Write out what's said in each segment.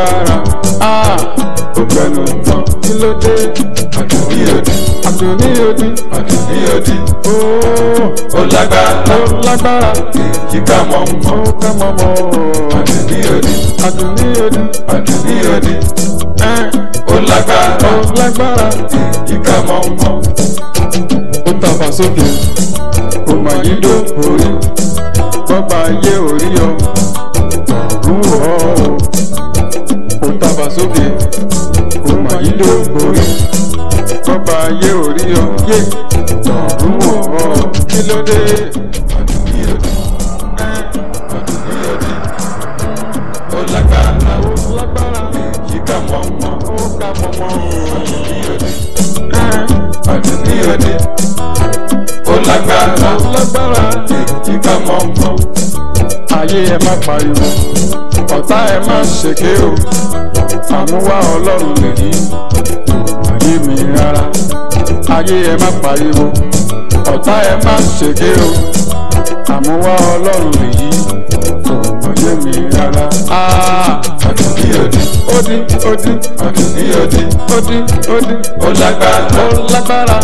lágbára ọgbẹnu ah, tán kí ló dé àdùnní òdì àdùnní òdì àdùnní òdì ó lágbára ó lágbára kí ká mọ̀ mọ́ ká mọ̀ mọ́ àdùnní òdì àdùnní òdì àdùnní òdì ó lágbára ó sókè ó mà yí dó orí bọ́ba ayé orí ọ ń wọ̀ ọ́ sókè kò mà yí ló borí kọ́ba ayé orí ọ yé ọ̀run wọ̀ ọ kí ló dé. Ọdún ní òde, ó lágbára, ó lágbára, ìjìká mọ̀ mọ̀ ayé ẹ má pariwo ọ̀tá ẹ má ṣèké o àmúwá ọlọ́run lèyí ayé mi rárá ayé ẹ má pariwo ọ̀tá ẹ má ṣègé o àmúwá ọlọ́run lèyí ayé mi rárá. Ah odi odi ọdún ní odi odi odi Olagbara, Olagbara, ó lágbára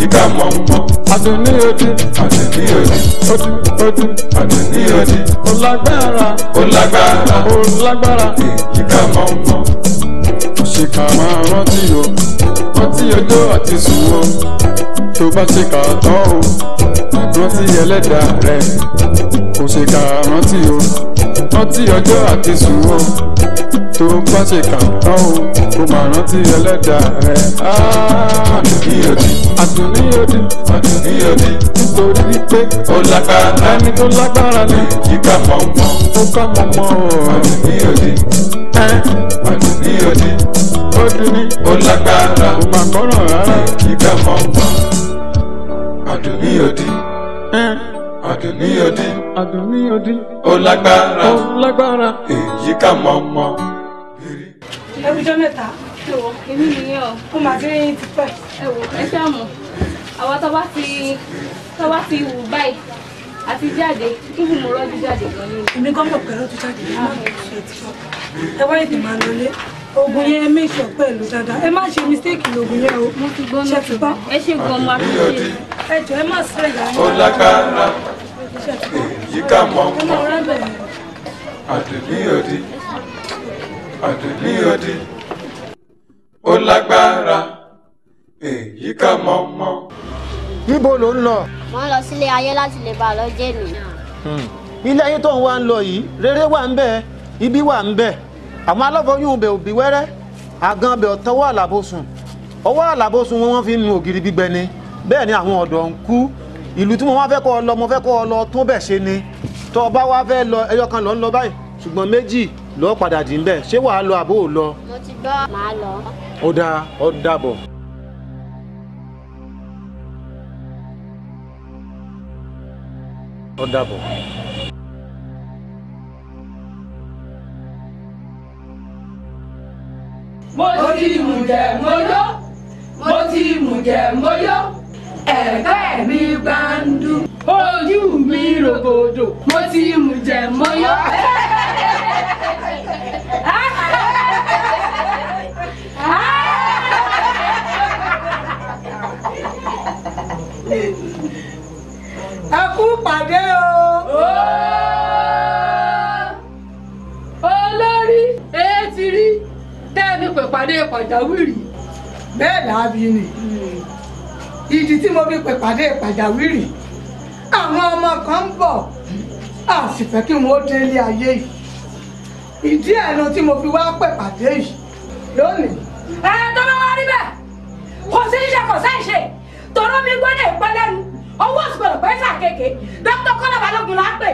yíká mọ̀ mọ́ odi ọdún ní odi odi odi ọdún ní odi Olagbara, Olagbara, Olagbara, lágbára ó lágbára yíká mọ̀ mọ́ ṣèkà máa rántí o rántí ọjọ́ àti sùn o tó bá ṣèkà tán o rántí ẹlẹ́dàá rẹ kò rántí o rántí ọjọ́ àti sùúrù tó bá ṣe kàńtọ́ o kò máa rántí ẹlẹ́dàá rẹ̀ àtúnyòdì àtúnyòdì àtúnyòdì nítorí wípé ó lágbára ẹni tó lágbára ni kíkà mọ̀mọ́ ó kà mọ̀mọ́ o àtúnyòdì ẹ àtúnyòdì ó dùn ní ó lágbára kò máa kọ́ràn rárá kíkà mọ̀mọ́ àtúnyòdì ẹ. Àdùnníyòdì. Àdùnníyòdì. Ó lágbára. Ó lágbára. Èyí ká mọ̀ mọ̀. Ẹ̀wùjọ́ mẹ́ta. Ẹ wò, èmi nìyẹn o. Ó máa dé yín tipẹ́. Ẹ wò, ẹ ṣáà mọ̀. Àwa tó bá ti tó bá ti wù báyìí àti jáde kíkù mo rọ́jú jáde gan ni. Èmi gan mọ̀ pẹ̀lú ọdún jáde ní mọ́tò ṣe ti sọ. Ẹ wá ètè máa lọlé. Oògùn yẹn make sure pẹ̀lú Ẹ má ṣe mistake lóògùn yẹn o. ṣe gbọ́. Ẹ ṣe gbọ́ máa fi ṣe ẹjọ ẹ má sọ ìyá yín. ó lágbára èyí ká mọ mọ àdùnní òdi àdùnní òdi ó lágbára èyí ká mọ mọ. níbo ló ń lọ. mo ń lọ sílé ayé láti lè bá a lọ mi. Hmm. ilé ayé tó ń wá ń lọ yìí rere wà ń bẹ ibi wà ń bẹ àwọn aláboyún bẹ òbí wẹ́rẹ́ àgàn bẹ ọ̀tọ́wọ́ àlàbòsùn ọwọ́ àlàbòsùn wọn fi ń nu ògiri gbígbẹ ni bẹ́ẹ̀ ni àwọn ọ̀dọ́ ń kú ìlú tí mo wá fẹ́ kọ́ ọ lọ mo fẹ́ kọ́ ọ lọ tó bẹ̀ ṣe ni tó o wá fẹ́ lọ ẹyọ kan lọ ń lọ báyìí ṣùgbọ́n méjì lọ́ọ́ padà dì ń bẹ̀ ṣé wàá lọ àbó ò lọ. mo ti gbọ́ màá lọ. ó dáa ó dàbọ̀. ó dàbọ̀. mo ti mú jẹ mo mo ti mú jẹ mo ẹ̀fẹ́ mi gbandu ojú mi rògbòdò mo ti mùjẹ̀ mọ́yọ́. ẹ kú pàdé o. olórí èé ti rí tẹ́ mi pè pàdé pàjáwìrì. bẹ́ẹ̀ làá bí ni ìdí tí mo fi pèpàdé pàjáwìrì àwọn ọmọ kan ń bọ̀ a sì fẹ́ kí wọ́n délé ayé yìí ìdí ẹ̀nu tí mo fi wá pèpàdé yìí lónìí. ẹ tó bá wá rí bẹ́ẹ̀ kò sí ṣíṣe kò sáì ṣe tòró mi gbọ́dọ̀ ìpẹ́lẹ́nu owó òsùgbọ̀n pẹ́ sàkéèké dókítà kọ́lá balógun la pè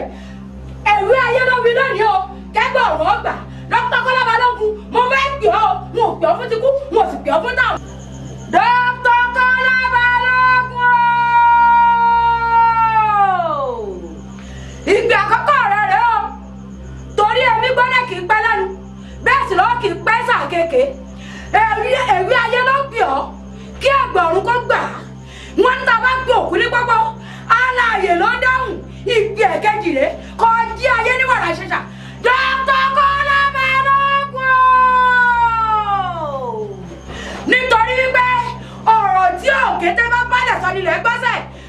ẹ̀rí ayé ló wí lónìí o kẹ́gbẹ́ ọ̀rọ̀ ọgbà dókítà kọ́lá balógun mo fẹ́ pè ọ́ mo pè ọ́ fún ti kú mo sì pè ọ́ fún táwọn. dókítà kọ́lá ìgbà àkọ́kọ́ rẹ rẹ o torí ẹ̀mí gbọ́dọ̀ kì í pẹ́ lẹ́nu bẹ́ẹ̀ sì lọ́wọ́ kì í pẹ́ sàkéèké èmi ayé ló gbì ọ́ kí àgbà kó gbà wọ́n ní ta bá gbé òkú ní gbogbo aláàyè ló dáhùn ìgbì ẹ̀kẹ́jì rẹ kọ́ jí ayé ní wàrà ṣẹṣà dókítà Kọ́lá Balógun nítorí wípé ọ̀rọ̀ tí òkété bá bá sọ nílẹ̀ gbọ́sẹ̀.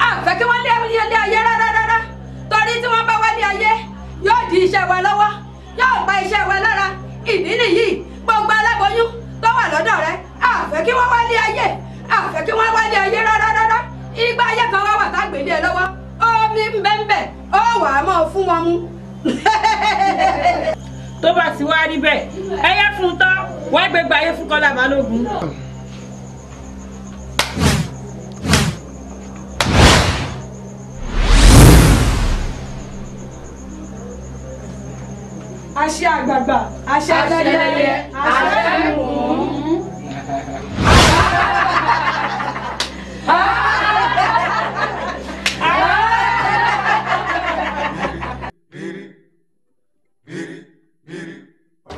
a ah, kí wọ́n lé ilé ayé rárá rárá torí tí wọ́n bá wá lé ayé yóò di iṣẹ́ wa lọ́wọ́ yóò gba iṣẹ́ wa lára ìdí nìyí gbogbo aláboyún tó wà lọ́dọ̀ rẹ a kí wọ́n wá lé ayé a kí wọ́n wá lé ayé rárá rárá ìgbà ayé kan wá wà tá gbèlé ẹ lọ́wọ́ omi ń bẹ́ ń bẹ́ ó wàá mọ́ fún wọn mú tó bá ti wá rí bẹ́ẹ̀ ẹyẹ fún un tán wọ́n gbégbá ayé fún Kọ́lá Balógun. àṣẹ àgbààgbà àṣẹ àtẹlẹyẹ àṣẹ ìwọ̀n.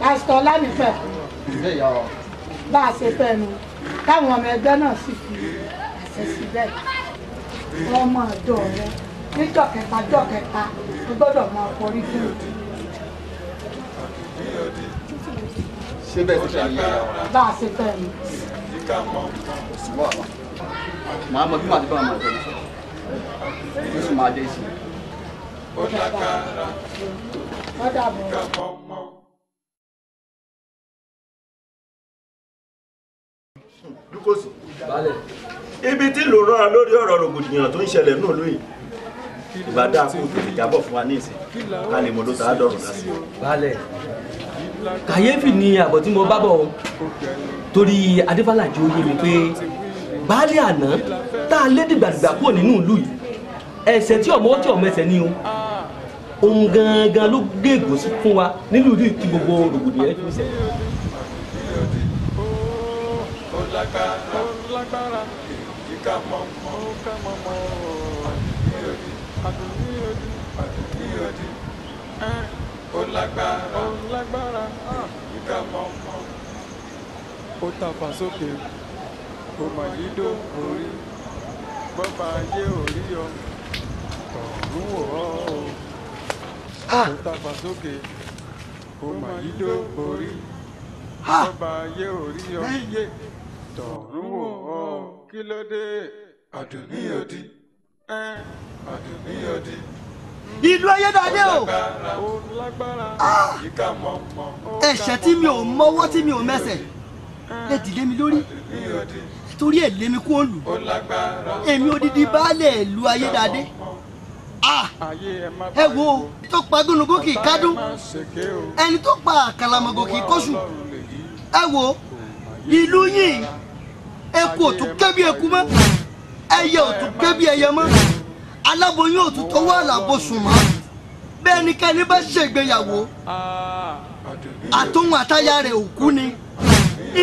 pásítọ̀ lánìfẹ́ bá a ṣe fẹ́ nu táwọn ọmọ ẹgbẹ́ náà sì fi àṣẹ síbẹ̀ ọmọ ọ̀dọ́ rẹ níjọ́ kẹta jọ́ kẹta máa forí fún un ṣé bẹ́ẹ̀ ti ṣe àyè ara wa. bá a ṣe fẹ́ mi. màá mọ bí màá ti bá màá tẹ̀lé sọ yóò sì máa dé sí i. ó dàgbára ó dàbọ̀. dúkòsì. ibi tí ló rọra lórí ọ̀rọ̀ rògbòdìyàn tó ń ṣẹlẹ̀ náà lóye ìbàdàn àpò tètè jábọ̀ fún wa ní ìsìn ká lè mọ̀ ló ta á dọ̀rùn lásìkò kàyéfì ni àbọ̀ tí mo bá bọ̀ torí adéfàlà jẹ́ oyè mi pé baálé àná tá a lé dìgbàdìgbà kúrò nínú ìlú yìí ẹsẹ̀ tí ọmọ tí ọmọ ẹsẹ̀ ni o òun gangan ló gbé ègòsí fún wa nílùú ìlú tí gbogbo rògbòdìyẹ oh, oh, oh, oh, oh, oh, oh, oh, oh lágbára ìgbà ah. mọ̀mọ́. ó tàpá sókè kò mà dídò orí bọ́ba ayé orí yọ tọ̀hún wò ó ó tàpá sókè kò mà dídò orí bọ́ba ayé orí yọ tọ̀hún wò ó kí ló dé àdùnníyòdì àdùnníyòdì ìlú ayédáadé o ah! ẹ̀ṣẹ̀ tí mi ò mọ́wọ́ tí mi ò mẹsẹ̀ lè dìlé mi lórí torí ẹ̀ lé mi kó lù èmi odidi baálẹ̀ ìlú ayédáadé ah! ẹ wo tó pa gbóngbó kì í kádùn ẹni tó pa àkàlàmọ̀gò kì í kóṣù ẹ wo ìlú yìí eku ò tún ké bí eku mọ́ ẹyẹ ò tún ẹyẹ mọ́. aláboyún òtútù wà lábòsùn mọ́ bẹ́ẹ̀ ni kẹ́ni bá ṣègbéyàwó àtúnwò àtayá rẹ̀ òkú ni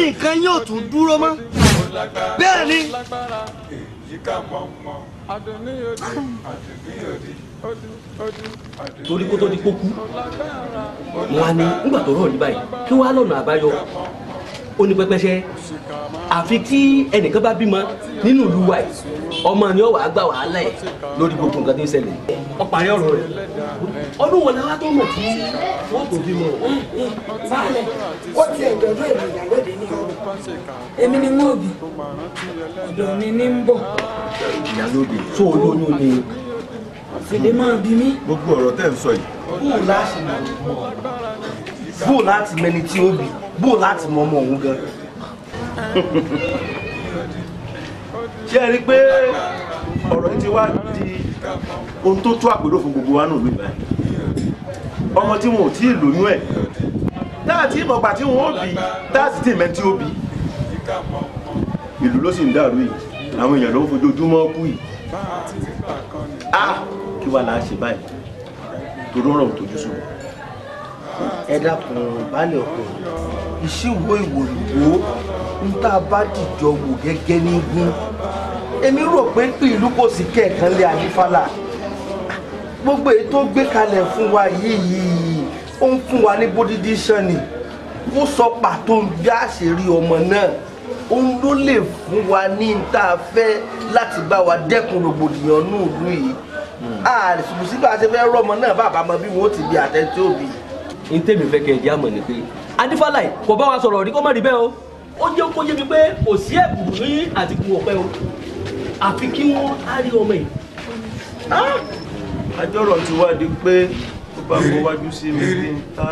nǹkan yóò tún dúró mọ́ bẹ́ẹ̀ ni. torí kó tó di kó kú wọn nígbà tó rọ̀ ó ní pẹ́pẹ́sẹ́ àfi tí ẹnìkan bá bímọ nínú ìlú wa yìí ọmọ ni ó wàá gbà wàhálà ẹ̀ lórí gbogbo nǹkan tó ń ṣẹlẹ̀ ọparí ọ̀rọ̀ rẹ̀ ọdún wọn làwọn tó mọ̀ tí wọ́n kò bímọ. báàlẹ̀ ó ti ẹ̀jọ̀dún èmi ìyàlóde ní ọ̀rọ̀ èmi ni wọ́n bì ọ̀dọ̀ mi ní ń bọ̀. ìyàlóde tó olóyún ni fèdè máa bí mi. gbogbo ọ̀rọ̀ tẹ́ ń sọ yìí. kúù láṣìí bó láti mẹni tí ó bì bó láti mọ ọmọ òun gan ṣé ẹ rí i pé ọ̀rọ̀ yìí ti wá di ohun tó tó àpérò fún gbogbo wa náà lóyún báyìí ọmọ tí wọn ò tí ì lóyún ẹ̀ táàtì ìmọ̀gbà tí wọn ò bí táàtì tí ìmẹ́ tí ó bí ìlú ló sì ń dàrú yìí àwọn èèyàn ló ń fojoojúmọ́ kú yìí ah kí wàá la ṣe báyìí torí ọ̀rọ̀ òun tójú sùn ẹ dákun balẹ̀ ọkọ ìṣíwò ìwòlùwò ń tá a bá dìjọ wò gẹ́gẹ́ ní gún èmi rò pé ìlú kò sí kẹ̀kan lé àdífàlà gbogbo èyí tó gbé kalẹ̀ fún wa yìí ó ń fún wa ní bódídí sàn ni ó sọ pàtó bí a ṣe ọmọ náà òun ló lè fún wa ní tá a fẹ́ láti bá wa dẹ́kun rògbòdìyàn ní ìlú yìí àìsùn sígbà tí a ṣe fẹ́ rọ́mọ náà bàbá mọ bí wọ́n ti bí àtẹ́tí òbí yìí n tèmi fẹ́ kẹ́ ẹ jẹ́ àmọ̀ ni pé adífàlà kò bá wa sọ̀rọ̀ rí kó má rí bẹ́ẹ̀ o ó jẹ́ kó yé mi pé kò sí ẹ̀bùn ní àtìkù ọ̀pẹ o àfi kí wọ́n á rí ọmọ yìí. àjọrò ti wá di pé ó bá kó wájú sí mi kí n ta.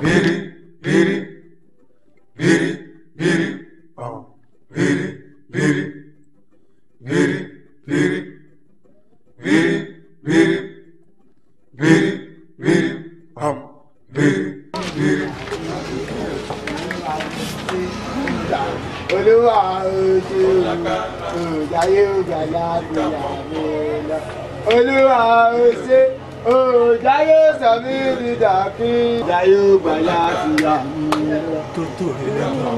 bèrè bèrè bèrè bèrè bèrè bèrè. máa ṣe òjáyé sọ̀mí ní dàbí ìdáyé gbàyà síyá. tó tó rẹ lẹ́nu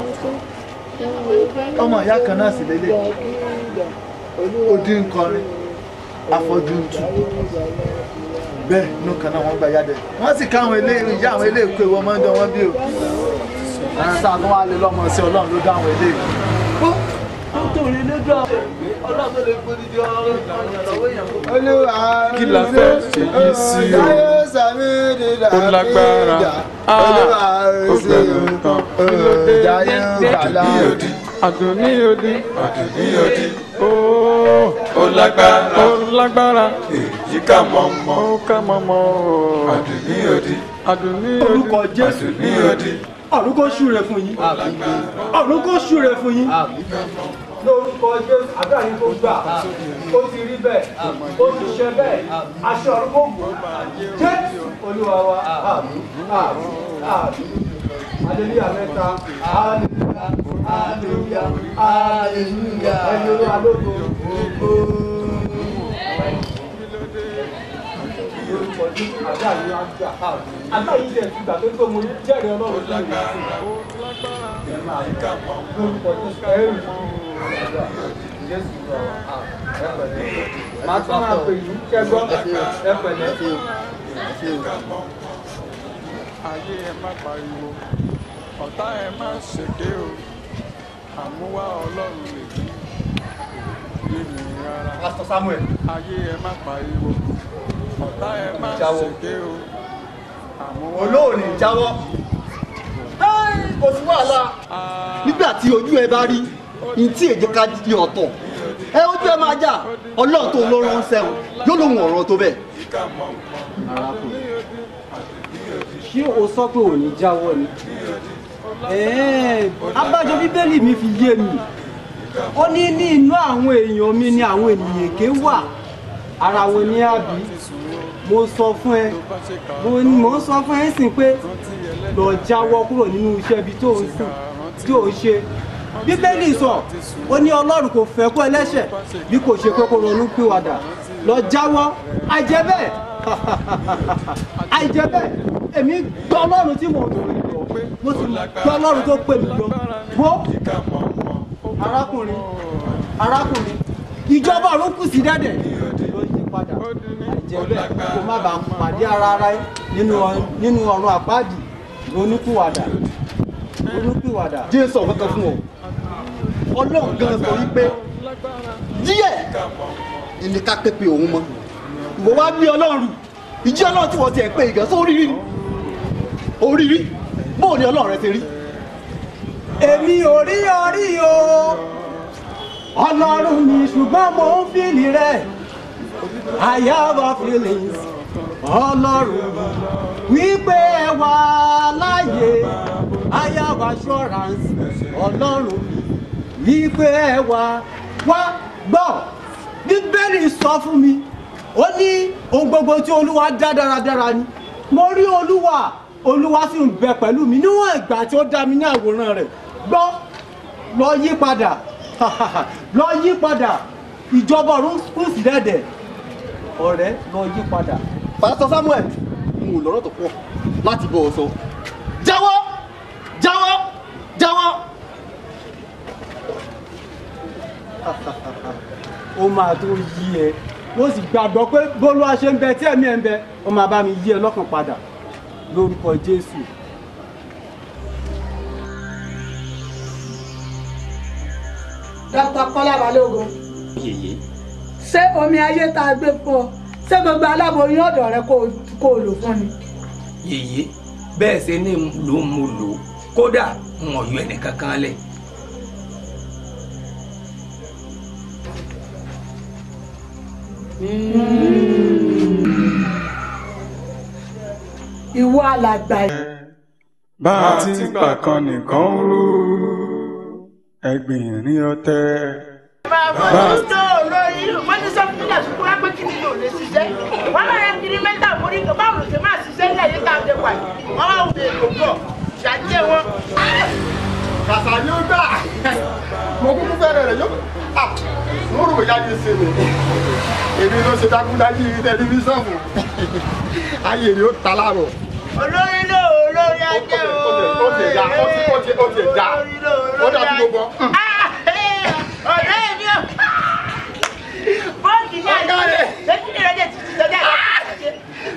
ọmọ ìyá kan náà sì lélẹ̀ odi nkọrin afọ́jú ntù bẹ́ẹ̀ inú kan náà wọ́n gba ìyá dẹ̀ wọ́n sì ká àwọn eléyìí ìyá àwọn eléyìí kó ìwọ máa ń dán wọ́n bí o àwọn sáà tó wà sí ọlọ́run ló dá àwọn eléyìí. ó tó rí lójú àwọn olúwa kí la fẹ́ ṣèyí sí o ó lágbára ó gbẹ̀rù tán kí ló dé àdùnníyòdì àdùnníyòdì àdùnníyòdì ó lágbára ó lágbára èyí ká mọ̀ mọ́ ó ká mọ̀ mọ́ o àdùnníyòdì àdùnníyòdì orúkọ Jésù àdùnníyòdì ọ̀run kó ṣúre fún yín ọ̀run kó ṣúre fún yín lórúkọ Jésù àdúrà yìí kò gbà ó ti rí bẹ́ẹ̀ ó ti ṣe bẹ́ẹ̀ aṣọ ọ̀run gbò Jésù Olúwa wa aleluya mẹ́ta aleluya aleluya aleluya ẹni olúwa lóko wọlé àdá yìí á gbà àdá yìí lè gbà tó tó mo jẹ́rìí ọlọ́run tó yẹ fún mi lórúkọ tó ẹrù jésù lọ ẹpẹ̀lẹ́ màá tún máa pè yín kẹgbọ́ ẹpẹ̀lẹ́. ayé ẹ má pariwo ọ̀tá ẹ má ṣèké o àmúwá ọlọ́run lè yí ènìyàn rárá ayé ẹ má pariwo ọ̀tá ẹ má ṣèké o olóòrè jáwọ́ kò sí wàhálà nígbà tí ojú ẹ bá rí ní tí èjì ká di ọ̀tọ̀ ẹ ojú ẹ máa jà ọlọ́run tó ló rán sẹ́wọ̀n yóò lóun ọ̀rọ̀ tó bẹ́ẹ̀. ṣé o sọ pé ò ní jáwọ́ ni abájọ bíbélì mi fi yé mi ó ní ní inú àwọn èèyàn mi ni àwọn ènìyàn èké wà ara wọn ní àbí mo sọ fún ẹ mo ń sọ fún ẹ sìn pé lọ jáwọ́ kúrò nínú iṣẹ́ ibi tó ń sùn tí ò ń ṣe bíbélì sọ ó ní ọlọ́run kò fẹ́ kó ẹlẹ́ṣẹ̀ bí kò ṣe pé kó ronú pìwàdà lọ jáwọ́ àìjẹ́ bẹ́ẹ̀ àìjẹ́ bẹ́ẹ̀ èmi gbọ́ ọlọ́run tí mo rò mo sì gbọ́ ọlọ́run tó pè mí lọ wo arákùnrin arákùnrin ìjọba ọ̀run kù sí dẹ́dẹ̀. padà àìjẹ́ sọ wípé pé pé òun ìwọ wá ọlọ́run ọlọ́run tí wọ́n pé ìgbà bóò ni ọlọ́run rẹ ti rí. èmi ò o ọlọ́run mi ṣùgbọ́n mo ń rẹ̀. I have a feeling. alaye Lord, we pay wa laye. I have assurance. Oh Lord, we pay gbogbo ti Oluwa dadara dara ni. Mo ri Oluwa, Oluwa si n be pelu mi ni won igba ti o da mi ni aworan re. Gbo lo yi pada. Lo yi pada. Ijoborun school ọ̀rẹ́ lọ yí padà. pásítọ̀ Samuel mo lọ́rọ̀ tó pọ̀ láti bọ̀ ọ́ sọ jáwọ́ jáwọ́ jáwọ́. ó máa tó yí ẹ mo sì gbàgbọ́ pé bólúwa ṣe ń bẹ tí ẹ̀mí ẹ̀ ń bẹ ó máa bá mi yí ẹ lọ́kàn padà lórúkọ Jésù. dr kọ́lá balógun ṣé omi ayé tá a gbé fún ọ ṣé gbogbo aláboyún ọ̀dọ̀ rẹ kó lò fún ni. yèyé bẹ́ẹ̀ ṣe ni ló ń lò kódà n yọ ẹnìkan kan lẹ̀. Hmm. ìwọ alàgbà yìí. bá a ti gbà kan nìkan rú ẹgbìn ní ọtẹ bá fojú tó lóyún wọ́n ní sọ́kùn nílẹ̀ sùkúrú wá pé kí ni yóò lè ṣiṣẹ́ wọ́n náà yẹ kiri mẹ́ta mórí kan báwo ló ṣe máa ṣiṣẹ́ ní ayé tá a jẹ wà yìí wọ́n wá wùdè lò pọ̀ ṣàjẹ́ wọn. kàṣà ni ó gbà mo kúkú fẹ́rẹ̀ rẹ̀ yóò mo rò bóyá yé ṣe mi èmi ló ṣe dákúdájú yìí tẹlifíṣàn fún ayé ni ó ta láàrọ̀. olórí ló olórí ajé o olórí ló olórí ajé o. ó dàbí gbogbo.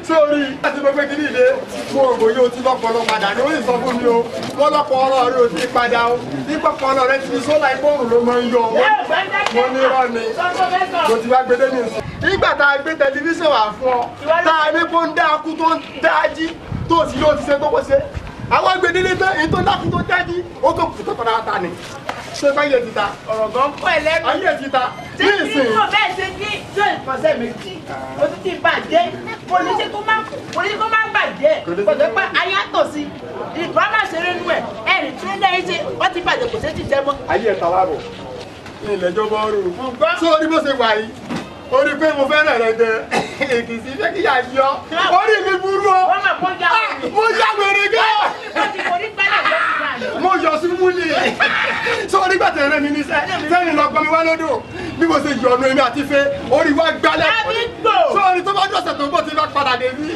sórí láti lọ pé kí ní ilé mo rò bóyá o ti lọ́pọ̀lọ́ padà ní orí sọ fún mi o wọ́n lọ́pọ̀ ọlọ́ rẹ o ti padà o nípa ọlọ́ rẹ ti fi sólà ìbọ̀rùn ló máa ń yọ mo ní irọ́ ni mo ti wá gbedé mi sùn. nígbà tá a gbé tẹlifíṣàn wà fún ọ tá a ní kó ń dá akú tó ń dájí tó sì yóò ti ṣe tó kó ṣe àwọn gbèdéle tán èyí tó dákú tó dájí ó tó kù tó tọ́ra ta ni ṣé bá yẹ títa. ọ̀rọ̀ gan kọ́ ẹ lẹ́nu. ayé títa ní ìsìn. ṣé kí mo bẹ́ẹ̀ ṣe ní tó ìfọ̀sẹ̀ méjì mo ti ti bàjẹ́ kò ní ṣe kó má kò ní kó má bàjẹ́ kò tó pé ayé àtọ̀ sí ìfọ̀ àmà ṣeré nú ẹ̀ ẹ̀rì tí ó dá yín ṣe wọ́n ti bàjẹ́ kò ṣe ti jẹ́ mọ́. ayé ẹ̀ta láàbọ̀ ilẹ̀jọ́ bọ́ rò sórí bó ṣe wà yìí orí pé mo fẹ́ràn rẹ jẹ èkìtì fẹ́ kíyà yọ orí mi burú o ah, mo yàgbèrè gan mo yọ sí múlẹ̀ sọ nígbà tẹ̀lé rẹ mi ní sẹ́ tẹ́lẹ̀ lọ gbọ́n mi wá lódò bí mo ṣe yọ̀nù èmi àti fẹ́ orí wa gbalẹ̀ sọ tó bá dùn ọ̀sẹ̀ tó ń bọ̀ tí bá padà dé bí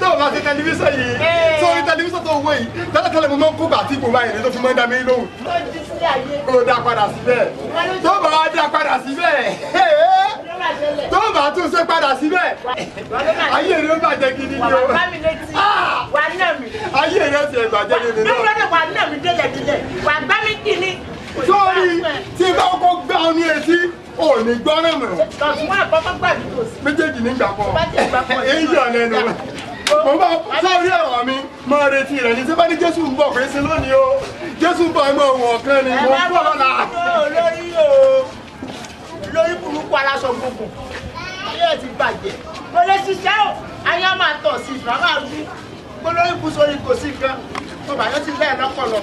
tó o bá ṣe tẹlifíṣàn yìí sọ orí tó wọ̀ yìí tẹ́lẹ̀ mo máa ń kó bàtí kò bá yẹn tó fi máa ń dá mi lóhùn o dá padà síbẹ̀ tó bá wá dá padà síbẹ̀ tó bá tún ṣe padà síbẹ̀ ayé rẹ bàjẹ́ gidi ni o ah! ayé rẹ ti bàjẹ́ gidi ni o dilẹ̀dilẹ̀ wà gbá mi kì ni. sórí tí bá kó gbá ọ ní etí ò ní gbọ́ náà mọ̀. lọ́sùnmọ́ àkọ́kọ́ gbà mí tòsí. méjèèjì ní gbàgbọ́ èyí yọ̀ lẹ́nu mo bá sórí ọ̀rọ̀ mi mo retí rẹ̀ ní sẹ́fẹ́ ní jésù ń bọ̀ pé sí lónìí o jésù ń bọ̀ ẹ mọ̀ wọ̀ kan ni mo ń bọ̀ lọ́la. lórí o lórí burúkú aláṣọ gbogbo ayé ẹ ti bàjẹ́ mo lè ṣiṣẹ́ o ayé á máa tọ̀ sí ìfúnná máa rú gbólórí kù sórí kò sí nǹkan Ah, tó bá yóò ti bẹ́ẹ̀ lọ́pọ̀lọ́.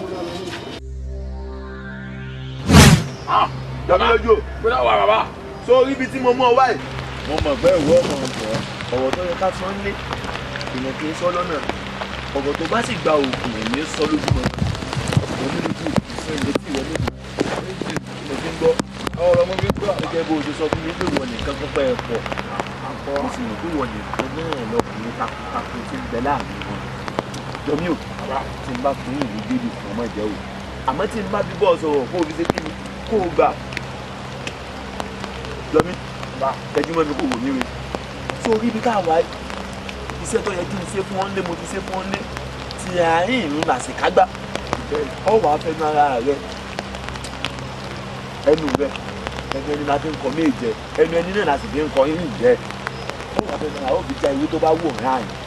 dọ́mílójú pé náà wà bàbá sórí ibi tí mo mú ọ wáyé. mo mọ̀ pé ìwọ ọmọ ọ̀dọ́ ọ̀rọ̀ tó yẹ ká sọ ń lé ìmọ̀ kì í sọ lọ́nà ọ̀rọ̀ tó bá sì gba òògùn ẹ̀mí sọ lójúmọ́ òmìnirikù ìsọ ìlẹ̀ tí ìwọ méjì mo fi ń gbọ́ ọ̀rọ̀ mo fi ń gbọ́ gẹ́gẹ́ bó o ṣe sọ fún mi pé ìwọ nìkan kọ́kọ́ ẹ̀ pọ̀ mo sì mọ̀ pé ìwọ nìkan náà lọkùnrin takuntakun ti ń bẹ láàrin jọ mí o tí n bá fún yìí ní bíbí fún ọmọ ìjẹ́ o àmọ́ tí n bá bí bọ́ọ̀ sọ̀rọ̀ kó o fi ṣe kí ni kó o gbà jọ mí tẹjú mọ́ mi kò wò mí re tó rí bí káwa iṣẹ́ tó yẹ kí n ṣe fún ọ́n lé mo ti ṣe fún ọ́n lé ti àárín ìlú làṣìkágbá ọwọ́ afẹ́nu ara rẹ ẹnu rẹ ẹnu ẹni la fi ń kọ mí ìjẹ ẹnu ẹni náà la fi ń kọ yín ìjẹ ọwọ́ afẹ́nu ara ó fi já ìwé tó bá wù ọ̀rẹ́ àyìn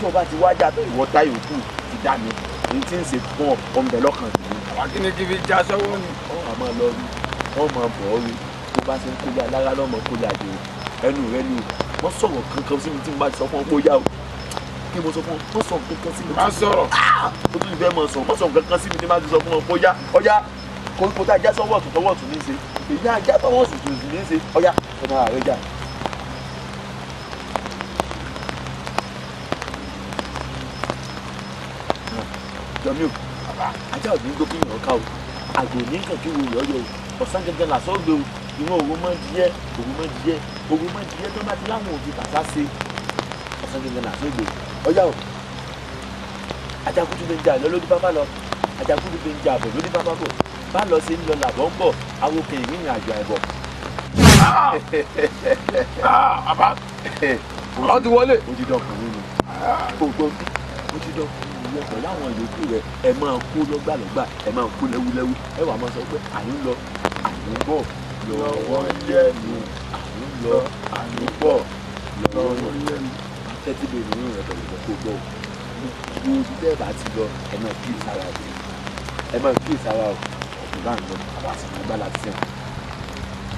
tí ọba ti wájà tó ìwọ tá yòókù ti dá mi èyí tí ń ṣe fún ọ ọmọdé lọ́kàn mi. àwa kí ni kí já sọ́wọ́ ni. ọmọ àmọ́ lọ rí ọmọ bọ̀ rí tó bá ṣe ń kóyà lára lọ́mọ kóyà dé ẹnu rẹ ni mo sọ̀rọ̀ kankan sí mi tí mo bá ti sọ fún ọ kóyà o kí mo sọ fún ọ mo sọ̀rọ̀ kankan sí mi. má sọ̀rọ̀. o ah! tún fẹ́ mọ̀ sọ̀rọ̀ mo sọ̀rọ̀ kankan sí mi tí mo bá ti sọ fún ọ kóyà ọ̀yà koríko nǹkan mi o ajá òbí ń gbó kí yàn o àgbò ní nǹkan wo yọ o ọ̀sán gẹ́gẹ́ làásọ̀ gbé o ìwọ òwò mọ́ díẹ̀ òwò mọ́ díẹ̀ òwò mọ́ díẹ̀ tó bá ti láwọn òbí bàtà ṣe ọ̀sán gẹ́gẹ́ làásọ̀ gbé o ọjà o ajá kútu fi ń jà lọ lórí bábá lọ ajá kútu fi ń jà bọ̀ lórí bábá bọ̀ bá lọ sí ń lọ làbọ̀ ń bọ̀ awokè ìrìn àjò àìbọ̀. Ah! Ah! yẹ pẹ̀lú àwọn ìyókù rẹ ẹ máa kó lọ́gbàlọ́gbà ẹ máa kó lẹ́wúlẹ́wú ẹ wà máa sọ pé àyín lọ àyín bọ̀ lọ́wọ́ lẹ́nu àyín lọ àyín bọ̀ lọ́wọ́ lẹ́nu tẹ́tí bèrè nínú rẹ pẹ̀lú kó gbọ́ gbogbo ibi tẹ́ bá ti lọ ẹ máa kí ìsara ẹ máa kí ìsara ọ̀gbìn bá ń lọ àbá àti ìgbàlá ti sẹ́wọ̀n.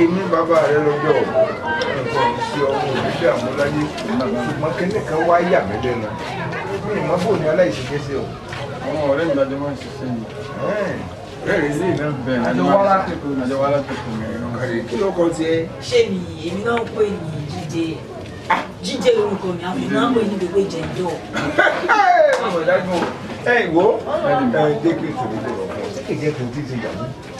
èmi bàbá rẹ lọ́jọ́ nǹkan ìṣe ọmọ òṣìṣẹ́ àmúláyé ṣùgbọ́n kíní kan wá yà mí lẹ́nu mi ìmọ̀ bò ní aláìṣiṣẹ́ o. àwọn ọ̀rẹ́ mi lájọ máa ń ṣiṣẹ́ ni. bẹ́ẹ̀ ni ni ìlú bẹ̀rẹ̀ àjọ wá látẹ̀kùn àjọ wá látẹ̀kùn mi. kí ló kọ tiẹ̀. ṣé mi èmi náà ń pè ní jíjẹ jíjẹ lórúkọ mi àfi náà ń pè ní gbogbo ìjẹ́jọ́. ẹ ìwọ ẹ jẹ́ kí n tẹ̀lé lọ́wọ́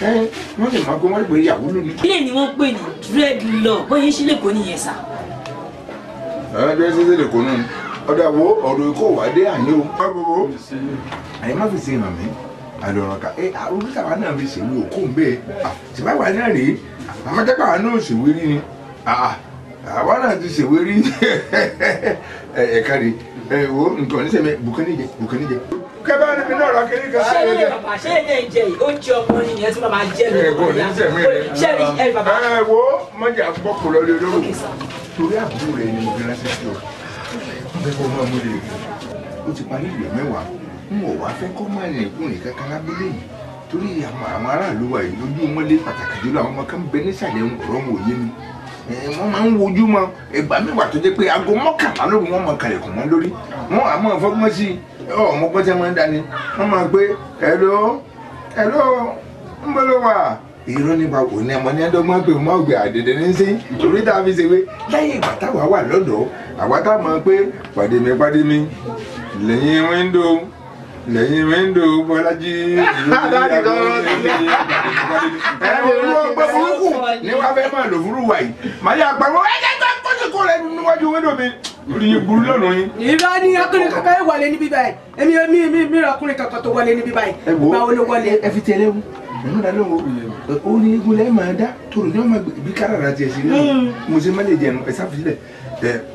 wọ́n sì máa gbé wọ́n pè é ìyàwó lónìí. ilé ni wọ́n pè ní dreadlock bóyá ṣe lè kó nìyẹn sá. ẹ bí ẹ ṣe lè kó náà ọ̀dà wo ọ̀dọ̀ ikọ̀ wà dé o. àyè má fi ṣe hàn mí àdọ̀rọ̀kà ẹ oríkàwá náà fi ṣèwé òkú ń bẹ́ẹ̀ ṣèbáwá náà rèé àmọ́tẹ́pà náà ṣèwé rí ni àwa náà ti ṣèwé rí ẹ̀ka ẹ̀ wo nǹkan oníṣẹ́ mi níjẹ kẹ́bá ni mi náà ra kiri kan. ṣé ilé bàbá ṣé ilé ìjẹ yìí oúnjẹ ọmọ ni ìyẹn tí wọn máa jẹ lórí ọmọ yẹn ṣé ilé bàbá. ẹ wo mọ̀jà gbọ́kù lọ lé lóru torí àbúrò rẹ ni mo fi ránṣẹ́ sí o bẹ́ẹ̀ kó máa mú lè rí o ti parí ìlú mẹ́wàá n ò wá fẹ́ kó máa rìn ìkùnrin kankan lábílẹ̀ yìí torí àwọn aráàlú wa yìí lójú mọ́lé pàtàkì jùlọ àwọn ọmọ kan bẹ nísàlẹ̀ ń kọ̀rọ̀ wọn ò yé mi wọ́n máa ń wojú mọ ìgbà mi wà tó jẹ́ pé aago mọ́kànlá lóru wọ́n máa kalẹ̀kùn mọ́ lórí wọ́n àmọ́ fọ́gbọ́n sí i ọmọ gbọ́n tẹ́ máa ń dání wọ́n máa gbé ẹ̀lọ́ ẹ̀lọ́ ń bọ́ ló wà irọ́ nípa kò ní ẹmọ ní ẹdọ́gbọ́n pé mọ́ ọ̀gbẹ́ àdèdè ní sí torí tá a fi ṣèwé lẹ́yìn ìgbà táwa wà lọ́dọ̀ àwa tá a mọ̀ pé pàdé mi pàdé mi lẹ́yìn wíńdò lẹ́yìn wíńdò bọ́lájí ẹ̀rọ hmm.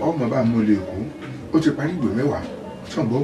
ọmọ bá mú olè ó ti parí ìgbè mẹ́wàá ṣọ̀gbọ́n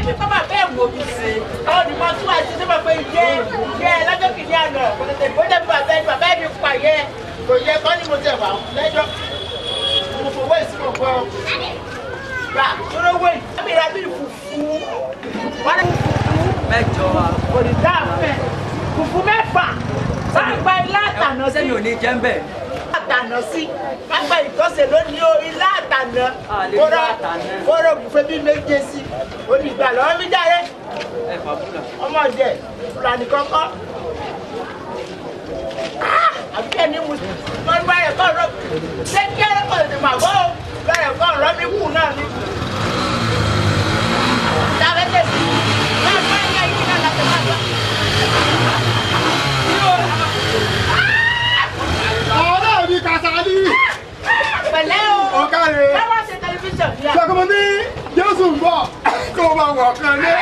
ibi tó máa bẹ́ẹ̀ wò mí sí àwọn olùmọ̀ tó wà sí sọ́mọ pé yẹ yẹ lọ́jọ́ kìíní àná kò tètè bó dé bíbá sẹ́yìn bàbá ẹ̀mí pa yẹ kò yẹ kọ́ ni mo tẹ̀ wá lẹ́jọ́ mo fowó ìsúná gbọ́ gbà lóró wẹ̀ ẹ̀mí ra bí fùfú wọ́n rẹ̀ fùfú mẹ́jọ wa kò ní dáa fẹ́ fùfú mẹ́fà bá ń gba ilé àtàná sí. ẹ àtànà sí pápá ìtọ́sẹ̀ lónìí o ilá àtànà ah, kóró kóró bùfẹ́ bí méje sí onígbà lọ́wọ́ mi jáde ọmọdé fúlàní kọ́kọ́ ah! àbíkẹ́ ni mo mọ́ nígbà yẹn kọ́ ọ̀rọ̀ ṣé kí ẹ̀rọ kọ́ ọ̀rọ̀ mi kù náà ni. pẹ̀lẹ́ o. ọ̀gá rẹ̀. ẹ wá ṣe tẹlifíṣàn bíi. sọkọmọ ní jésù ń bọ̀ kó o máa wọ̀ ọ̀kan ní.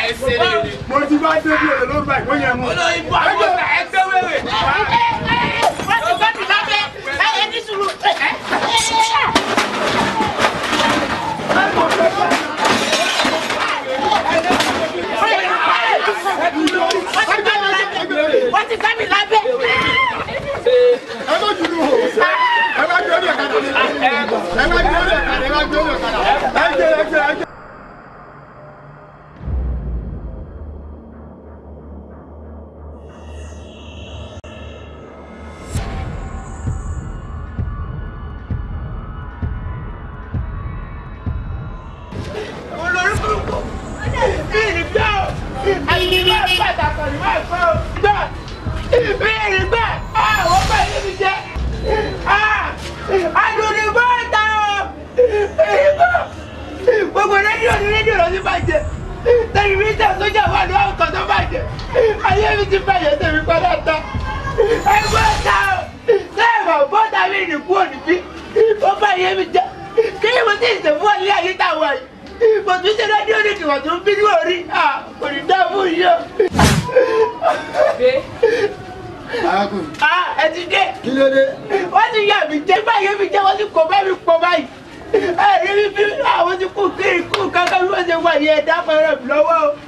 mo ti bá dé bí olè lórúkọ ìwé yẹn mu. olóyìnbó àwọn ọ̀gá ẹ tẹ́ wẹ́wẹ́. wọ́n ti gbẹ́dùn lábẹ́ ẹ̀yẹ ní sùúrù. Wọ́n ti gbẹ́mí lábẹ́ ẹ má jùlù hò ẹ má jùlù ọ̀kadà ẹ má jùlù ọ̀kadà ẹ má jùlù ọ̀kadà ẹ jẹ ẹ jẹ ẹ jẹ. ayé mi ti bàjẹ́ tèmi padà tán ẹgbẹ́ ta o sẹ́ẹ̀mọ̀ bọ́dà mi rìn kú òdìbí ó bá ayé mi jẹ́ kí ni mo ti ṣe fún ọ̀lẹ́ ayé táwa yìí mo tún ṣe lọ́dún òní kí wọ́n tún bí lórí kò ní dá fún yìí o. arákùnrin. ẹ ti dé. kí ló dé. wọ́n ti yà mí jẹ́ báyìí mi jẹ́ wọ́n ti kó bá mi pọ̀ báyìí ẹ̀rí mi fi àwọn ti kú kí n kú kankan bí wọ́n ṣe wà yẹn ẹ̀dá fẹ́ràn lọ́wọ́ o.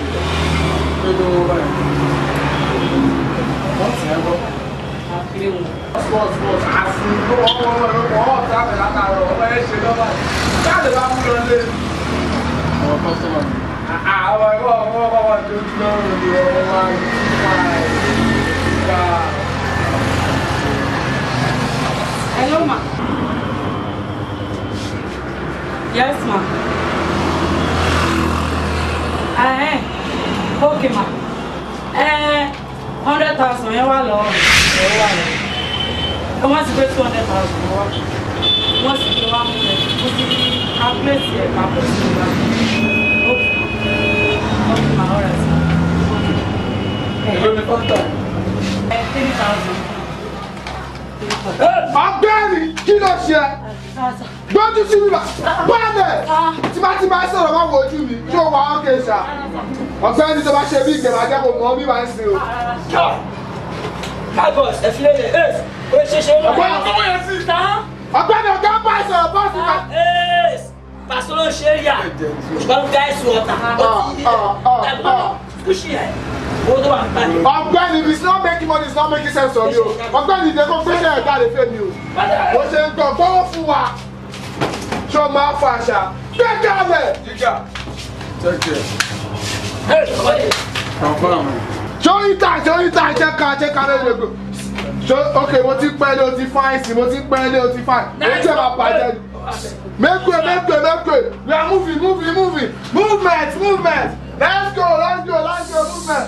Hello, ma. Yes, ma. wà lọ́wọ́ rẹ̀ wà rẹ̀ ẹ wọ́n ti gbé two hundred thousand wá wọ́n sì gbé wá mú rẹ̀ mo ti calculate ẹ̀ papọ̀ sí i wá ókè ókè mà ọ̀rẹ́ sí i. èló ni kọ́ńtà. ẹ three thousand. ọ̀gbẹ́ni kí ló ṣe ẹ́ gbójú sí bíbá bọ́ọ̀lẹ̀ ah. tí bá ti máa sọ̀rọ̀ máa wojú mi tí ó wà ọ́kẹ́ sà ọ̀gbẹ́ni tó bá ṣe bí ìgbẹ̀rún ajá kò mọ́ bí máa ń sin o. Ah, Carbos, ẹ̀fílẹ̀ lẹ̀ ẹ̀ o ṣe ṣe wọ́n. ọ̀gbọ́n ọ̀gbọ́n yẹn sì. tán. ọ̀gbọ́n ọ̀gá pàṣẹ ọ̀gbọ́n sì máa. pàṣẹ ló ń ṣe yà ṣùgbọ́n guys water ah, ah, ah, ọ̀gbẹ́ni if it's not making money it's not making sense for you ọ̀gbẹ́ni ìdẹkọ fẹsẹ ẹdá lè fẹ mi o mo ṣe ń gbọ́ bọ̀wọ̀ fún wa ṣó máa fa àṣà gbẹgàlẹ. jíjà jẹjẹ. ọ̀pọ̀ àwọn ṣóyítà ṣóyítà ṣẹ́ka ṣẹ́ka lóde gbò ok mo ti pẹ́ lé o ti fáìn sí mo ti pẹ́ lé o ti fáìn mo ti máa bàjẹ́ mẹ́kùn mẹ́kùn mẹ́kùn we are moving moving moving movement movement let's go let's go let's go movement.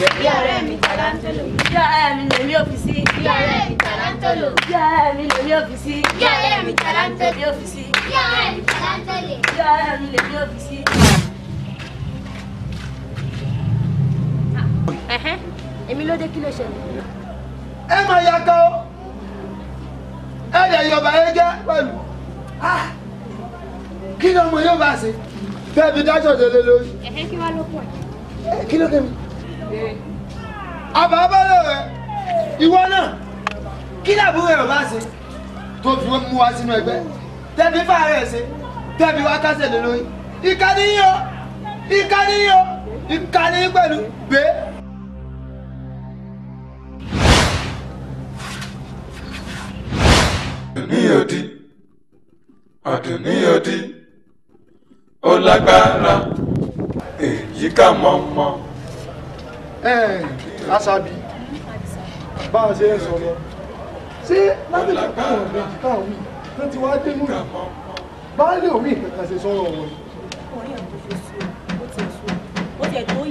Bí ọ̀rẹ́ mi tàlántòlò. Bí ọ̀rẹ́ mi lèmi òfìsí. Bí ọ̀rẹ́ mi tàlántòlò. Bí ọ̀rẹ́ mi lèmi òfìsí. Bí ọ̀rẹ́ mi tàlántòlò. Bí ọ̀rẹ́ mi tàlántòlò. Bí ọ̀rẹ́ mi Èmi ló dé kí ló ṣẹlẹ̀. Ẹ máa ya ká Ẹ lè yọba ẹ jẹ́ pẹ̀lú. Kí ni ọmọ yóò bá ṣe? Bẹ́ẹ̀ bí dájọ́ délé lórí. Ẹ̀hẹ́ kí wá ló pọ̀? Kí ló kẹ́ mi? àbábálẹ̀ rẹ̀ ìwọ náà kí làbúrò rẹ̀ bá ṣe tó fi mú wa sínú ẹgbẹ́ tẹ̀bí fàárẹ̀ ṣe tẹ̀bí wa kásẹ̀ lé lórí ìka níyìn o ìka gbé. àdùnníyòdì àdùnníyòdì ó lágbára èyí ká mọ́ mọ́ asabi bá a ṣe ń sọ̀rọ̀ ṣé lábẹ́jọ káwọn méjì táwọn wí tó ti wá dé múlò báálé òwe ìkẹta ṣe sọ̀rọ̀ wọn. ọ̀rẹ́ ẹ̀ tó fi sùn ó ti sùn ó ti ẹ̀ tó yí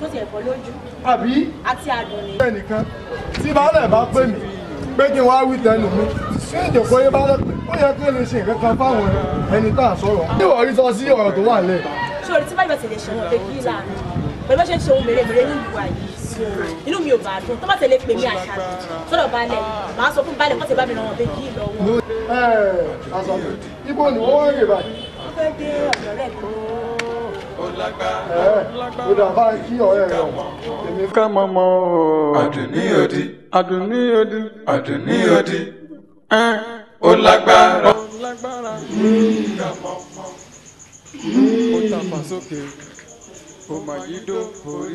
tó ti ẹ̀fọ́ lójú. àbí àti àdùnní. ẹnìkan tí baálẹ̀ bá pè mí pé kí n wá wí tẹnu mi ṣé ìjòkó yé baálẹ̀ pé ó yẹ kí n lè ṣe nǹkan kan fáwọn ẹni tá à ń sọ̀rọ̀. níwọ̀n rí sọ sí ọ̀rọ̀ tó wà lẹ̀. ṣé orí tí bá ìbẹ̀sẹ̀ lè ṣe wọn pé kí láàánú pẹ̀lú ọ̀ṣẹ́ ṣe ohun mèremère nílùú wa yìí inú mi ò bá dùn tó má tẹ̀lé pèmí àṣà sọ́dọ̀ balẹ̀ màá sọ fún balẹ̀ kọ́tẹ̀ bá mi ràn wọ́n bẹ́ẹ̀ yìí lọ́wọ́. ẹ ẹ àṣàbẹ̀ ibo ni wọ́n wá rè báyìí. wọ́n fẹ́ dé ọ̀dọ̀ rẹ̀ kó. ó dà bá kí ọ̀rẹ́ rẹ̀ wọ̀. èmi ká mọ mọ o. àdùnní odi. àdùnní odi. àdùnní odi. ó lágbára. ó lágbára. ó ta fà sókè òmàjídó forí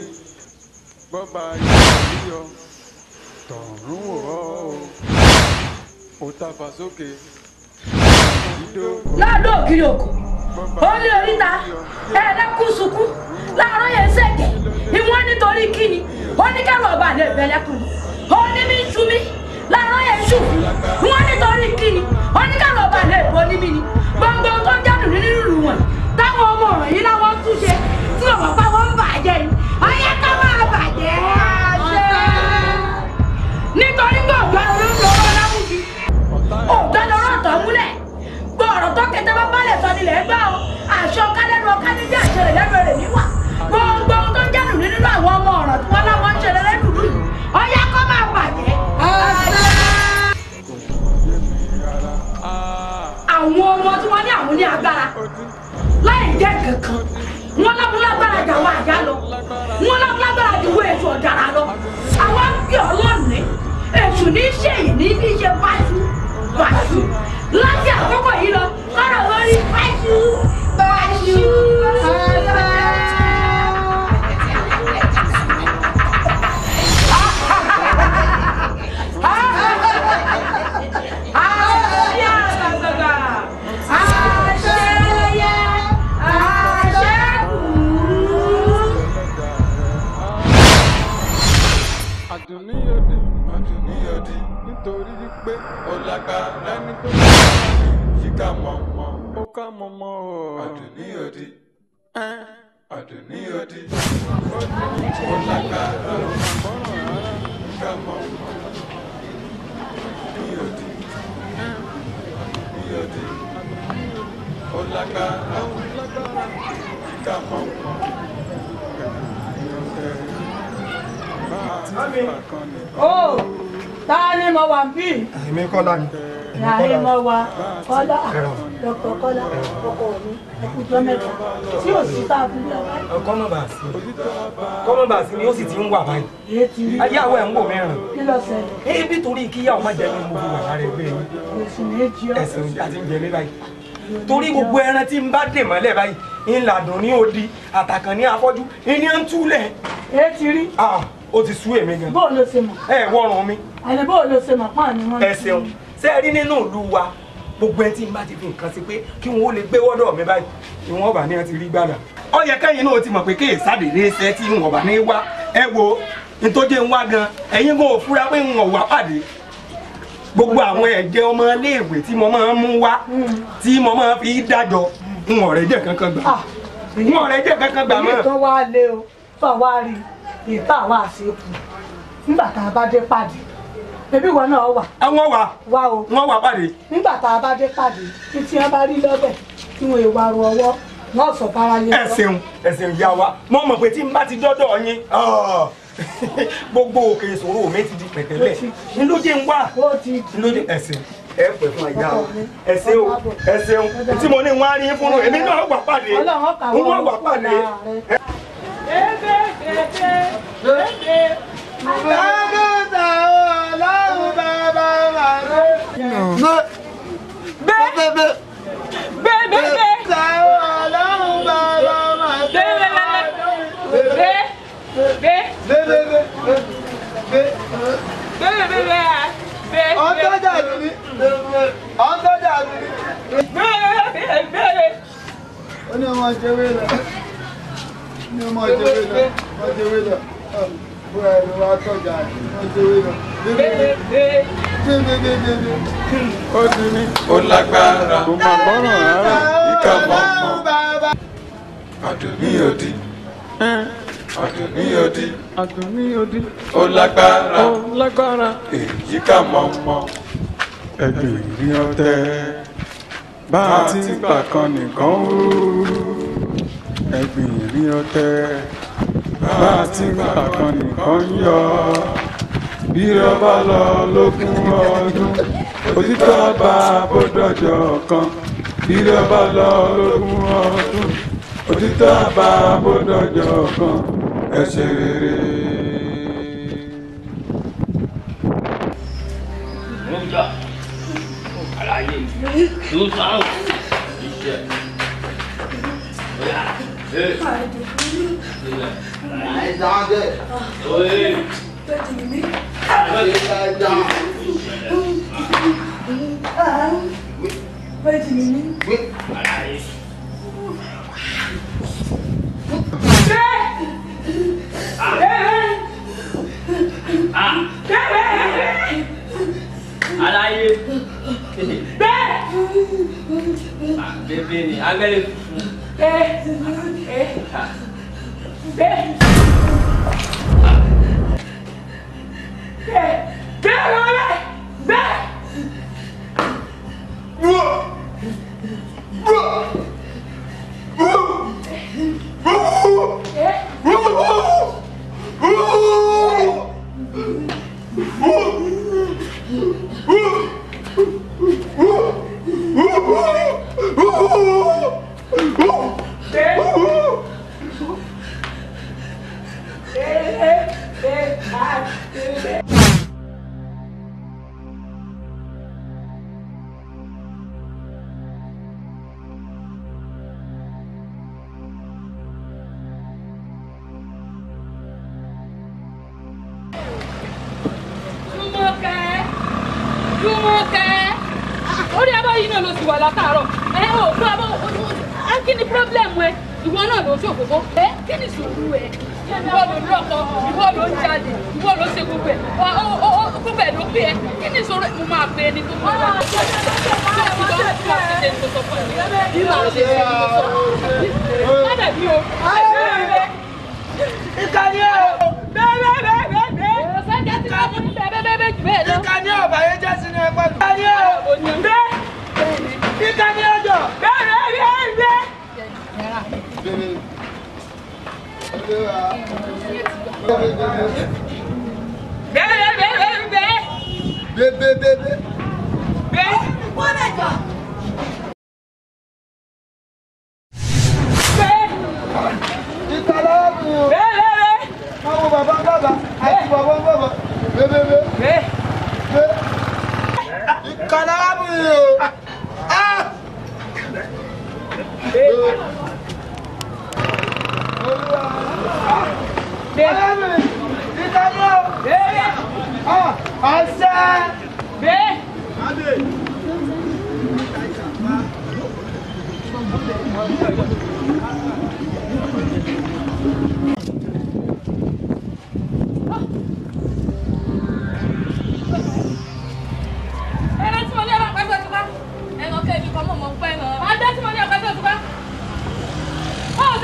bọ́ba yíyọ tọ̀rún wò ọ́ o ò tàfà sókè òmàjídó. ládùn òkìrì òkú olè oríta ẹ̀ẹ́dẹ́kùsùkú láàárọ̀ yẹn ṣègè ìwọ́n nítorí kíni ó ní kẹ́rù ọba àlẹ́ ìbẹ̀lẹ́kùn ó ní mí ju mí láàárọ̀ yẹn ṣù ìwọ́n nítorí kíni ó ní kẹ́rù ọba àlẹ́ ìbọn ní mí ni gbọ̀ngbọ̀n tó jáde nínú ìlú wọn táwọn ọmọ ọ̀rọ̀ yìí láwọn. ilẹ̀ gbà ó àṣọ kálẹ́nu ọ̀ká níbi àṣẹ rẹ̀ lẹ́nu rẹ̀ níwà gbogbo ohun tó jẹ́nu nínú àwọn ọmọ ọ̀ràn tí wọ́n láwọn ń ṣe lẹ́nu lù ọyá kọ́ máa bàjẹ́. àwọn ọmọ tí wọ́n ní àwọn ní agbára láì jẹ́ kankan wọ́n lábúlágbára jà wá àjá lọ wọ́n lábúlágbára ju wọ́n èso ọ̀dàrà lọ àwọn ń gbé ọlọ́ọ̀nì èso ní ṣèyí ní you. you. àdùnníyọdé àdùnníyọdé nítorí wípé ọ̀làgbà lẹ́ni tó bá wà ní ká mọ́ mọ́. ó ká mọ́ mọ́ o. àdùnní òdi. àdùnní òdi. ó lágbára ká mọ́ àdùnní òdi. àdùnní òdi. ó lágbára ká mọ́ ó, ta ni mo wà bí? Èmi kọ́ láyé láàrin mọ́ wa kọ́lá dr kọ́lá ọkọ mi ẹkùjọ mẹ́ta tí ò sí tá a fi gbà wá. kọ́mọ̀ bá sí kọ́mọ̀ bá sí ni ó sì ti ń wà báyìí. èyí ti rí ayáwó ẹ̀ ń wò mẹ́rin. kí ló ṣẹlẹ̀. èyí bí torí kíyàwó má jẹ́ ní mo fi wà lára ẹgbẹ́ yìí. ẹ̀sùn méjì ọ́ ẹ̀sùn àti ń jẹ mí báyìí torí gbogbo ẹran tí n bá dè mọ́lẹ̀ báyìí n làdùn ní odi àtàkàn ní afọ́jú ìní ń túlẹ̀. ẹ ti rí. o ah, ti sú èmi gan. bó o lo ṣe mọ̀. ẹ wọrùn mi. àlẹ bó o lo ṣe mọ̀ pọ́n ni wọ́n ti. ẹ ṣeun ṣé n'inu rí nínú ìlú wa gbogbo ẹni tí ti fi nǹkan sí pé kí wọn ó lè gbé wọ́dọ̀ mi báyìí ti rí gbàdà ó yẹ kẹ́yìn náà ti mọ̀ pé kéè sáde ní iṣẹ́ tí wọn wá ẹ fura pé gbogbo àwọn ẹ̀jẹ̀ ọmọ iléèwé tí mo máa ń mú wá tí mo máa fi dájọ́ ń ah, jẹ́ kankan gbà mọ́. tó wá lé o rí ìta ẹbí wọn náà wà. àwọn wà wà o wà pàdé. nígbà tá pàdé títí wọn bá rí lọ́bẹ̀ tí wọn ọwọ́ wọn sọ fara yẹn. ẹ ṣeun ẹ ṣeun yá wa mo mọ̀ pé tí n bá ti dọ́dọ̀ yín gbogbo òkè ìṣòro mi ti di pẹ̀tẹ́lẹ̀ n ló dé ẹ̀sìn ẹ fún o ẹ̀sìn o ẹ̀sìn o tí mo n Lágọ́ta ọlọ́run bàbá wà ló. Bébébé. Bébébé. Lágọ́ta ọlọ́run bàbá wà ló. Bébébé. Bébébé. Bébébé. Bébébé. Bébébé. Ọ̀tọ́ dàbí mi. Ọ̀tọ́ dàbí mi. Bébébé. Ó ní ọmọ jẹ́wé lọ. Ó ní ọmọ jẹ́wé lọ. Ọmọ jẹ́wé lọ fún ẹni wá tọ̀jà ìṣeré lọ. ó ti ní. ó lágbára. kò mà gbọ́ràn rárá. ìka ó lágbára. ó lágbára. ìrí ọtẹ bá a ti gbà kan nìkan ó ẹgbẹ́ ìrí ọtẹ bá a ti gbà kan nìkan yọ bí ọba lọ lógún ọdún òtítọ́ bá bódọ́jọ́ kan bí ọba lọ lógún ọdún òtítọ́ bá bódọ́jọ́ kan ẹsẹ̀ rere. Rúdà, ai down Vai Ah. Vai de mim. Um beijo. É. Caralho! Woo!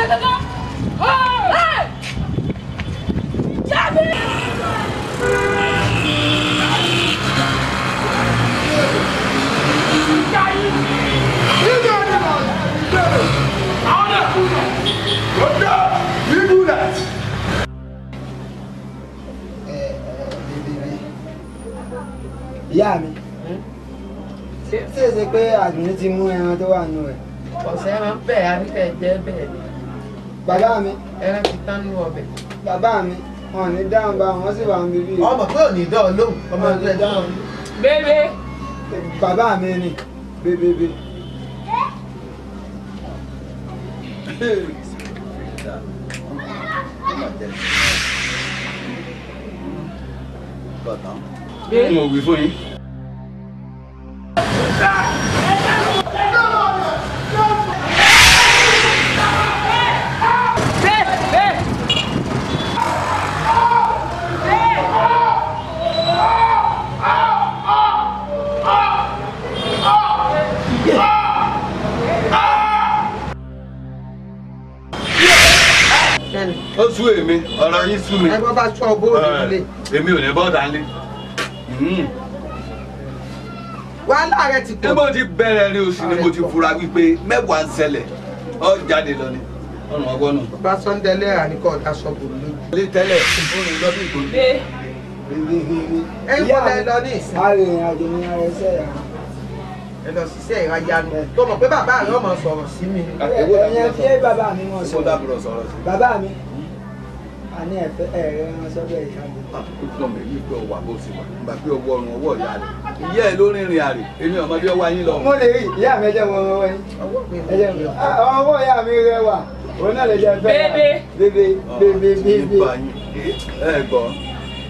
ìyá mi hmm? ṣé ṣe pé àdùnní ti mú ẹran tó wà nù ẹ. ọ̀sẹ̀ ẹran bẹ́ẹ̀ àbíkẹ́ jẹ́ bẹ́ẹ̀ bàbá mi. ẹran ti tán nínú ọbẹ̀. bàbá mi wọn ò ní dáhùn bá wọn sì wà ń bíbí. ọmọ pé ò ní dán ọ lóhùn ọmọ ìlú ẹ dáhùn. bébé. bàbá mi ni bébébé. bẹ́ẹ̀ ni mo wí fún yín. sú mi. ẹgbẹ́ bá tú ọ bóòlù nílé. èmi ò ní bọ́ọ̀dà ńlé. wàhálà rẹ ti pọ̀. níbo ti bẹ̀rẹ̀ rí oṣù ni mo ti fura wípé mẹ́wàá ń ṣẹlẹ̀ ọ jáde lọ ni ọ̀nà ọgbọ́n nù. bá sọ́ndẹ̀ lẹ́yà ni kò dá sọ́ọ̀bù mi. ilé tẹ́lẹ̀ ó rìn lọ́dún ìgbòho. ẹ ń kọ́ lẹ́ lọ ní ìsìn. arìnrìn-àjò ni arẹsẹ̀ yà ẹlọ tó mọ̀ pé bàbá rẹ̀ ọmọ sọ̀rọ̀ sí mi. ẹ̀yẹ́ fi bàbá mi wọn sọ̀rọ̀ bàbá mi a ní ẹ̀fẹ́ ẹ̀rẹ́ wọn sọ́dọ̀ ìyá mi. àkókò ah, tí ọmọ yìí pé ọwà bó ṣe wà nígbà pé ọwọ́ ọrùn ọwọ́ ìyá rẹ̀ ìyá ẹ̀ ló rìnrìn àrè èmi ọmọ bí ọwọ́ ayín lọ. mo lè rí ìyá mi ẹjẹ mo rọwọ yín ẹjẹ mi ah, ọwọ́ ìyá mi rẹwà òun náà lè jẹ fẹ́ bébé bébé ah, bébé bébé. Eh, ẹ gbọ́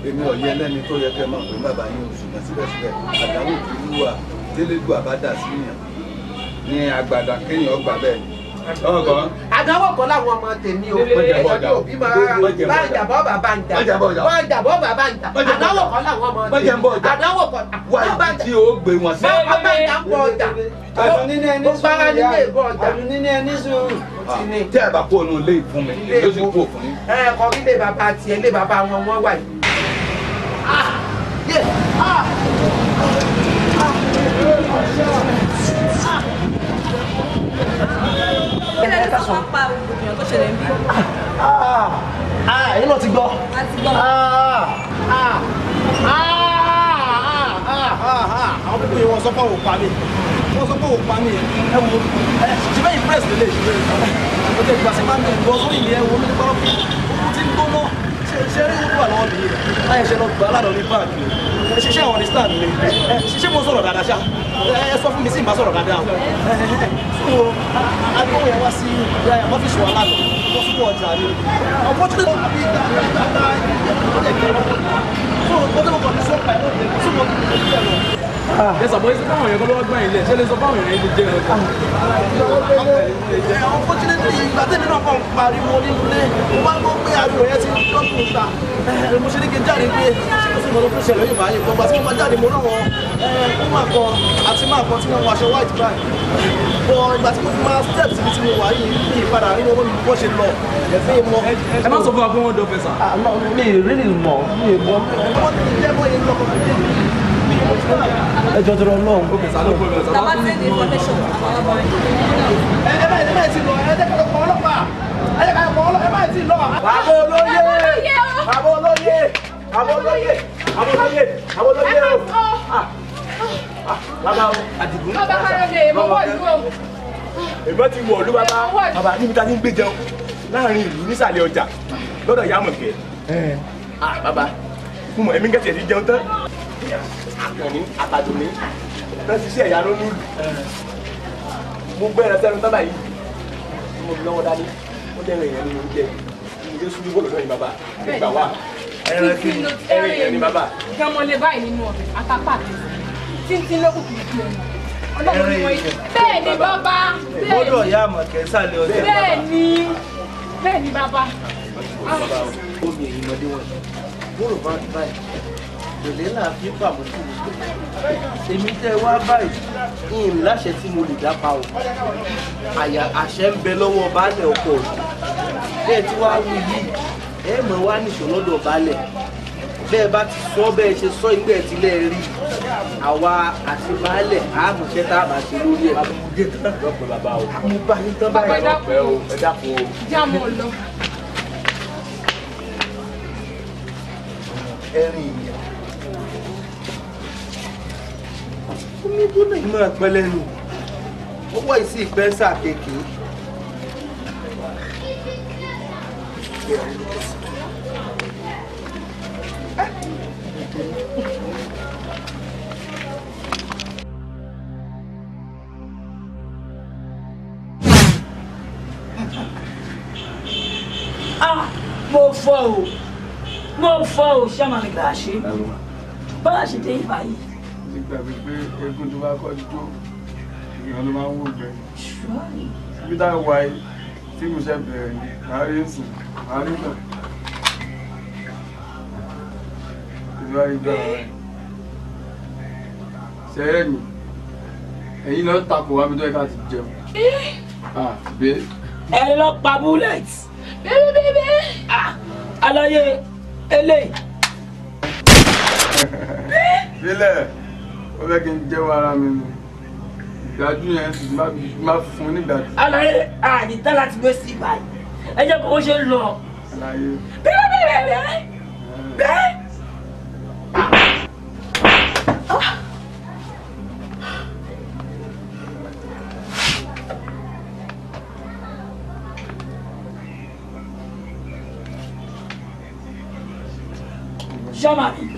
èmi ọ̀yẹ́ lẹ́ni tó yẹ kẹ́ máa pè bàbá yín oṣù kan síbẹ̀síbẹ̀ àdáwò kì í wà délé àdánwò kan láwọn ọmọ tèmi ò pẹ̀lú òbí máa bá ń jàbọ́ bàbá ń jà bá ń jàbọ́ bàbá ń jà àdánwò kan láwọn ọmọ tèmi àdánwò kan wà tí o gbé wọn sí. bá ń jà ń bọ̀ ọjà tó bára nílé ìbọ̀ ọjà. àdùn níní ẹni sùúrù ah, tí ẹ bá kó inú ilé ìfún mi ló sì kó òfin. ẹ kọ ilé bàbá tiẹ̀ ilé bàbá wọn wọ́n wà yìí. Ah, yeah. Ah. Ah. Ah. ká sọ. pápá ògbìyàn tó ṣẹlẹ̀ ń bí. ẹ̀yin náà ti gbọ́. a ti gbọ́. Ah, ah, ah, àwọn pípé wọn sọ pé òun pa mí wọn sọ pé òun pa mí ẹ wo ṣe bẹ́ẹ̀ impress lélẹ̀ ṣe bẹ́ẹ̀ ọ̀tẹ̀ ìgbàsẹ̀ máa ń bẹ̀ wọ́n sórí ìlẹ̀ ẹ̀ wọ́n ló ń gbọ́ ṣe rí wúlò àwọn mi láyé ṣe lọ gba aládọ̀ ní báàgì ẹ ṣiṣẹ́ àwọn understand mi ẹ ṣiṣẹ́ mo sọ̀rọ̀ dáadáa ṣá ẹ sọ fún mi sí ìbá sọ̀rọ̀ dáadáa o so agbóhùn yẹn wá sí ọ́fíìsì wa lánàá wọ́n fún ọjà mi opportunity to be that that that that that that that that that that that that that Ah. ẹ sọ̀bọ̀ ẹsẹ̀ fáwọn èèyàn kan ló wá gbà yín lẹ̀ ṣé lè sọ fáwọn èèyàn yín jẹ́ ọjà. Eh, unfortunately ìgbà tẹ̀mí náà kàn pariwo nílé mo máa ń gbọ́ pé ariwo yẹn ti dọ́kùn ta eh, mo ṣe ní kí n jáde pé ṣé kò sí ìmọ̀ ló fún ìṣẹ̀lẹ̀ yìí báyìí gbọ́ngbà tí mo máa jáde mo náà wọ́n kúmà eh, kan àti máa kan tí wọ́n wọ aṣọ white bag bọ̀ ìgbà tí mo fi máa step síbi tí mo wà yìí mi ìpadà nínú owó mi bó ṣe má sọ fún wa pé wọ́n dọ̀ fẹ́ ah, mi ì rí ni mọ̀ mi ì mọ̀ ẹjọ́ tó lọ lọ́hùn. tàbá ti ní information àwọn ọlọ́pàá yìí. ẹ bá ẹ bá ẹ pa ọlọ́pàá ẹ jẹ́ ká lọ pa ọlọ́pàá ẹ bá ẹ ti lọ. bàbá olóyè bàbá olóyè bàbá olóyè bàbá olóyè bàbá olóyè o. Ah, ah, bàbá àdìgún bàbá kárọ̀dé mo wọ̀ ìlú o. èmi ti wọ̀ ìlú bàbá bàbá níbi tá a ti ń gbé jẹun láàrin ìlú nísàlẹ̀ ọjà lọ́dọ̀ ìyá mọ̀kẹ́. Ah, bàbá fún mọ̀ ẹ̀mí gẹ̀ẹ́sì ẹ̀ ti jẹun tán àkànní àtàdùnní pẹ́sìsì ẹ̀yà ló nílùú mo gbé ẹran sẹ́nu sábà yìí tí mo lọ́wọ́ dani. ó jẹ́ ẹran ìyẹn ni mo ń jẹ ìdílé súnjú bò lọ́dọ̀ yìí bàbá nígbà wà ẹran sí ẹran ìyẹn ni bàbá. ìjọmọlé báyìí nínú ọbẹ̀ àtàpà títí lókùnkùn ìdí ẹ̀yìn bẹ́ẹ̀ ni bàbá gbọ́dọ̀ yá àmọ̀ kẹsàlẹ̀ ọdẹ bẹ́ẹ̀ ni bẹ́ẹ̀ ni bàbá. ó mi èyí mọ́dé wọ̀nyí mo rò bá báyìí èlé náà fi bà mọ́ sí mi èmi tẹ́ wá báyìí ìhìn láṣẹ tí mo lè dápa o àyà àṣẹ ń bẹ lọ́wọ́ baálẹ̀ ọkọ rẹ̀ bẹ́ẹ̀ tí wàá wí yìí ẹ mọ̀ wá nìṣó lọ́dọ̀ baálẹ̀ bẹ́ẹ̀ bá ti sọ bẹ́ẹ̀ ṣe sọ ìgbẹ́ ẹ̀ tilẹ̀ rí àwa àti baálẹ̀ àmọ̀ṣẹ́ tá a bá ṣe lórí ẹ̀. àbúgbé tán o. àmúgbá báyìí lọ́pẹ́ o ẹ dákun o. jámọ̀ lọ. ẹ̀rín yìí. comigo na né? irmã pẹlẹnu que ìsì ìfẹ́ sàkéèké. Ah, mo fogo, o, fogo fọ o, ṣé àmàlẹ́gbà a Bọ́lá ṣe dé ìbáyìí. ti gbàgbé pé eégún tó bá kọ́ jó èèyàn ló máa ń wò gbẹ. bí táwọn wà yìí tí mo ṣe bẹ̀rẹ̀ ni màá rí sùn màá rí nà. ìlú àríjọ rẹ sẹ́yìn ẹ̀yin náà takò wá mi tó yẹ ká ti jẹun. Eh? Ah, ẹ lọ pa bullet. bẹ́ẹ̀ bẹ́ẹ̀ bẹ́ẹ̀. àlàyé eléyìí. Bílẹ̀ wọ́n fẹ́ kí n jẹ́wọ́ ara mi ni ìdájú yẹn sì má fún nígbà tí. àlàyé àdìtá láti gbé sí báyìí ẹ jẹ́ kó o ṣe lọ. àlàyé. bẹ́ẹ̀ bẹ́ẹ̀ bẹ́ẹ̀ bẹ́ẹ̀. Chama-me!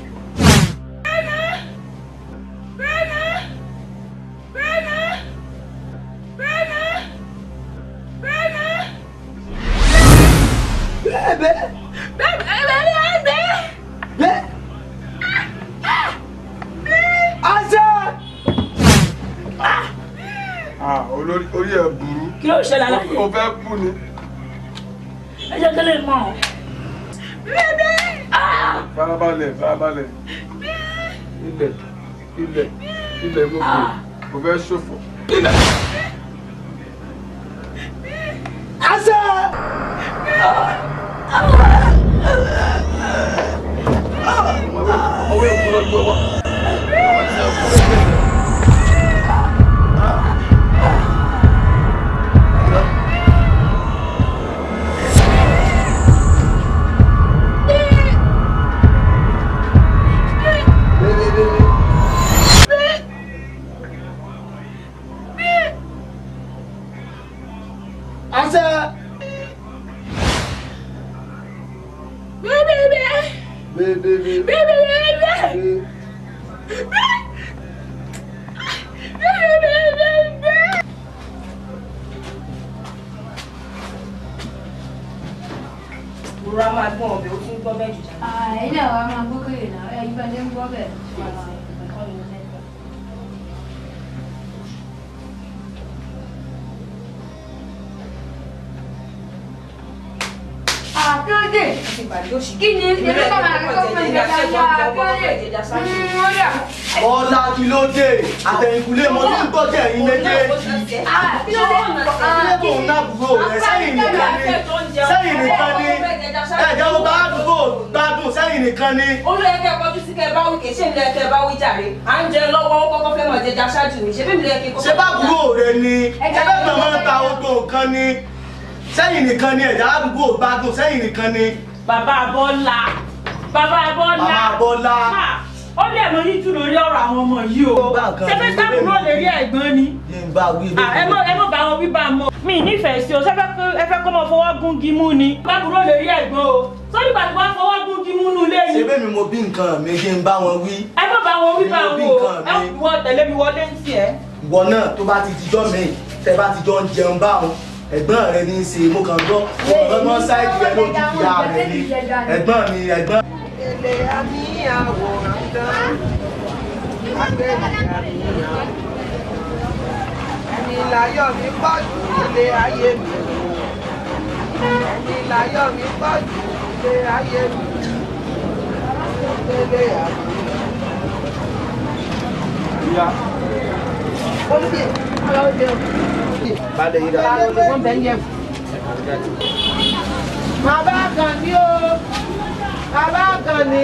o fẹ́ kú ni. ẹ jẹ́ kí lè mọ̀ ọ́. bébé. Ah! farabalẹ̀ farabalẹ̀ ilẹ̀ ilẹ̀ ilẹ̀ gbogbo ah! o fẹ́ ṣòfò. ilẹ̀. ọ̀la kí ló dé àtẹ̀yìnkùlé mo ti ń gbọ́jẹ̀ yín méjèèjì àbílẹ̀kùn náàbùrò rẹ̀ sẹ́yìn nìkan ni sẹ́yìn nìkan ni ẹ̀jẹ̀ wo bá àdúgbò gbádùn sẹ́yìn nìkan ni. olóyèké kọjú sí kẹbá wí kì í ṣe ìlú ẹkẹ bá wí jàre à ń jẹ lọ́wọ́ ó kọ́kọ́ fẹ́ mọ̀ jẹjà ṣáájú mi ṣe bí ìlú kọ́kọ́. ṣé bá àbúrò ni ṣé bẹ́ẹ̀ mọ̀ mọ́ ta ogbó nǹkan ni sẹ́yìn nìkan ni ẹ̀jẹ̀ àdúgbò gbádùn sẹ́yìn nìkan ni. Baba bola, baba bola. bàbá Bọ́lá ó lè mọ yíjú lórí ọ̀rọ̀ àwọn ọmọ yìí o sẹfẹ sábúrò lè rí ẹ̀gbọ́n ni ẹ mọ bá wọn wí bá mọ. mi nífẹ̀ẹ́ sí o sẹfẹ ẹ fẹ́ kọ́ mọ fọwọ́ gún gímú ni sábúrò lè rí ẹ̀gbọ́n o sọ́ni bàtí wọ́n fọwọ́ gún gímú nù lé ni. ṣebí mi mo bí nǹkan mi ṣe ń bá wọn wí. ẹ mọ bá wọn wí bá wọn o ẹ wọ tẹ̀lé mi wọlé ń tiẹ̀. ìwọ náà tó bá ti dijọ́ mi tẹ ẹ̀gbọ́n rẹ ní í ṣe mo kàn gbọ́ mo kàn gbọ́ ṣáìdì rẹ lójú ìyá rẹ ni mi ẹ̀gbọ́n. èlé àmì àwòrán dán agbẹ́ni àmì àwòrán ẹni láyọ̀ mi pọ̀ jù nílé ayé mi ẹni láyọ̀ mi pọ̀ jù nílé ayé mi èlé àmì. Yeah wọ́n bẹ̀ ń yẹ fún. bàbá Àkànní o bàbá Àkànní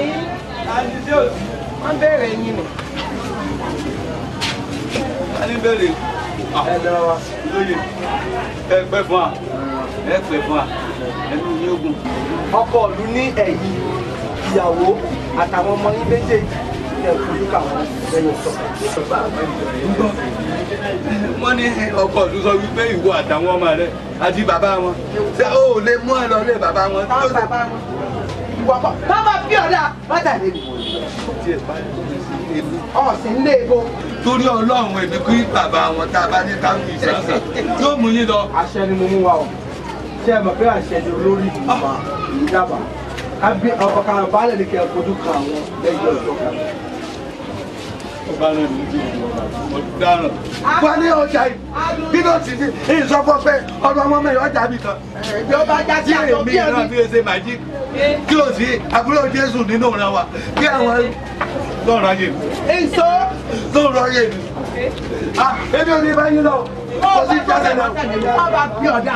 wọ́n bẹ̀rẹ̀ yín nù. a ní bẹ̀rẹ̀ ah, lóye ẹ pẹ́ fún wa ẹ pẹ́ fún wa ẹnu ní ogun. ọkọ ìlú ní ẹ̀yìn ìyàwó àtàwọn ọmọ yín méjèèjì ní ẹ̀kú lúkà wọn lẹ́yìn ọ̀sán wọ́n ní ọkọ ọ̀tún sọ wípé ìwọ àtàwọn ọmọ rẹ àti bàbá wọn ṣé o lè mú ẹ lọ lé bàbá wọn. bàbá bí ọ̀la bàtà lè mú ọ̀sìn ń lé ebo. torí ọlọ́run èmi kí bàbá wọn tá a bá ní káwọn ìṣàṣà yóò mú yín lọ. àṣẹ ni mo mú wa o ṣé ẹ mọ̀ pé àṣẹ ni olórí ìlú wa dábàá ah. ọkọ̀ kan balẹ̀ ní kẹ́ ẹ fojú kan àwọn lẹ́yìn ọjọ́ kan ọ̀daràn. wọ́n ní ọjà bínọ́ọ̀tì ní ìsọfọ́ pé ọmọ mẹ́rin ọjà mi kan. ẹgbẹ́ bá já sí àtọ́ bí ẹni. kí èmi náà fi kí o sí àbúrò Jésù nínú ìran wa kí àwọn lọ́ọ̀rọ̀ ayé mi. èso. lọ́ọ̀rọ̀ ayé mi. ebi ah, ò ní bá yín lọ. kò sí jáde náà. ọba bí ọ̀dà.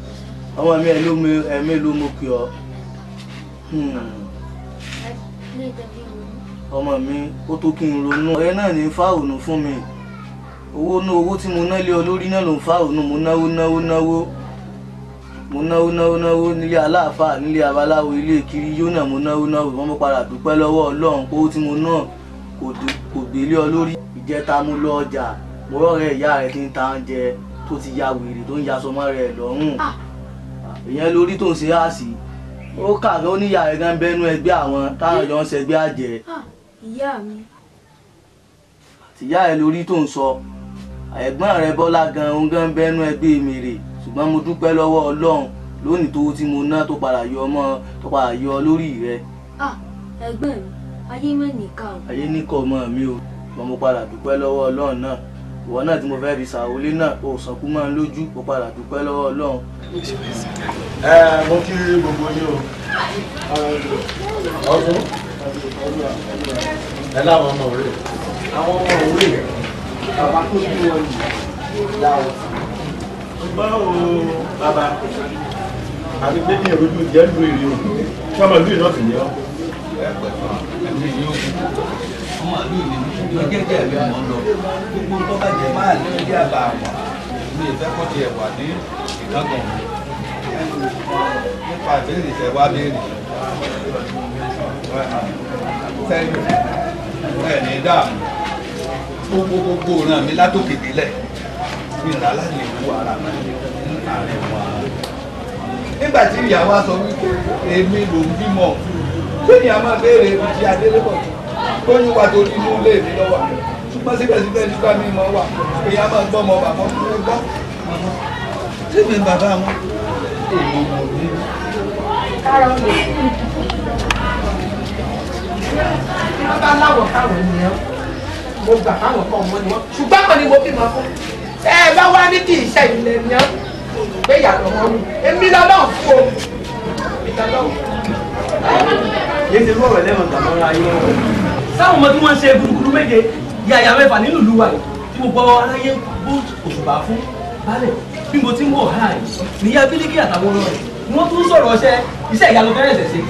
ọmọ mi ẹ̀mí ló mú kí hmm. ọmọ mi ó tó kí n ronú ọ̀rẹ́ náà ní fáwọnù fún mi owó ná owó tí mo ná lé ọ lórí náà ló ń fáwọnù mo náwó náwó náwó mo náwó náwó náwó nílé aláàfáà nílé abaláwo ilé kiri yóò náà mo náwó náwó mo padà dúpẹ́ lọ́wọ́ ọlọ́run pé owó tí mo ná kò gbélé ọ lórí ìjẹta mo lọ ọjà mo rọrẹ ìyá rẹ tí ń ta oúnjẹ tó ti ya wèrè tó ń yasọmọ rẹ lọ́rùn. Ah, ìyẹn lórí tó ń ṣe àṣì ó kàwé ó níyà rẹ̀ gan bẹ́nu ẹgbẹ́ àwọn táwọn jọ ń ṣẹgbẹ́ àjẹ́. ìyá mi. àtìyá rẹ lórí tó ń sọ ẹ̀gbọ́n rẹ bọ́lá gan òun gan bẹ́nu ẹgbẹ́ mi rè ṣùgbọ́n mo dúpẹ́ lọ́wọ́ ọlọ́run lónìí tó tí mo ná tó padà yọ ọmọ tó padà yọ lórí rẹ. ẹ̀gbọ́n mi ayé mẹ́nìkà o. ayé níkà ọmọ mi o mo padà dúpẹ́ lọ́wọ́ ọlọ́run náà ìwọ náà tí mo fẹ́ fi ṣàwọlé náà o sànkú máa ń lójú o padà dúpẹ́ lọ́wọ́ ọlọ́run. ẹ mo kí gbogbo yín o ọdún ẹ láwọn ọmọ òwe àwọn ọmọ òwe bàbá tó bí wọn yìí láwọn. báwo bàbá àti pé ní ìrojú jẹ́ lu èrè o kí wọ́n máa lu ìnáfìyẹ́ ọ́. ọmọ ìlú mi ṣùgbọ́n jẹ́jẹ́ mi mọ̀ ń lọ gbogbo tó bá jẹ máa lé ní àbá àwọn mi ìfẹ́ kọ́ ti ẹ̀wà ní ìkángàn mi nípa ìbéèrè ìfẹ́ wá béèrè sẹ́yìn ẹ̀ ní dáàmú gbogbo gbogbo ràn mí látòkè délẹ̀ mi rà lálẹ́ wo ara mi ní àárẹ̀ wa nígbà tí ìyàwó sọ wípé èmi ló bímọ fún mi máa béèrè ibi tí adélébọ̀ tó ó ní wà tó nínú ilé mi lọ́wọ́ ṣùgbọ́n síbẹ̀síbẹ̀ nígbà mi mọ̀ wà èèyàn máa gbọ́ ọmọ bàbá fún mi gbọ́ síbi bàbá wọn èmi mọ̀ mí. bá láwọ̀ káwọ̀ ènìyàn mo gbà káwọ̀ kan mọ́ ni wọ́n ṣùgbọ́n kan ni mo bímọ fún ẹ bá wá ní kí iṣẹ́ ilẹ̀ ni ọ́ pé ìyàtọ̀ wọn wù èmi lọ́lọ́run fún o èmi lọ́lọ́run. yéé ṣe bọ́ọ̀rọ̀ lẹ́wọ̀n tàbí ọ̀rọ̀ ayé wọn táwọn ọmọ tí wọ́n ń ṣe gúrúgúrú méje yàyà mẹ́fà nínú ìlú wa yìí tí gbogbo aráyé bó òṣùbà fún balẹ̀ bí mo ti ń wọ̀ háì níyà bílíkì àtàwọn ọ̀rọ̀ rẹ̀ wọ́n tún sọ̀rọ̀ ọṣẹ iṣẹ́ ìyanu fẹ́rẹ̀ ṣẹ̀ ṣe.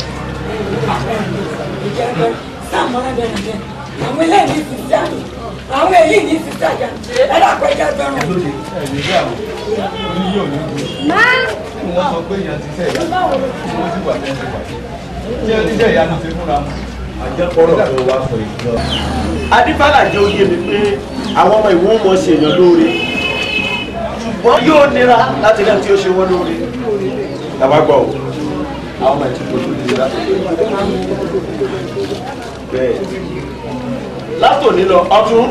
àwọn eléyìí ní sísá àwọn eléyìí ní sísá jà ẹ dàpọ̀ ẹja gbẹrun. máa wọ́n sọ pé ìyá ti sẹ́yà wọ́n sì wà lẹ́sẹ̀ wà. ṣé oníṣẹ́ ìyanu ti múra mọ́ àjẹpọ̀rọ̀ tó wá sọ ìjọ. adífàlà jẹ́ oyè mi pé àwọn ọmọ ìwọ́n mọ̀ ṣe èèyàn lóore ṣùgbọ́n yóò nira láti dá tí ó ṣe wọ́n lóore. tàbá gbọ́ o àwọn ọmọ ìtìkò tó ti ra. bẹ́ẹ̀ látòní lọ ọdún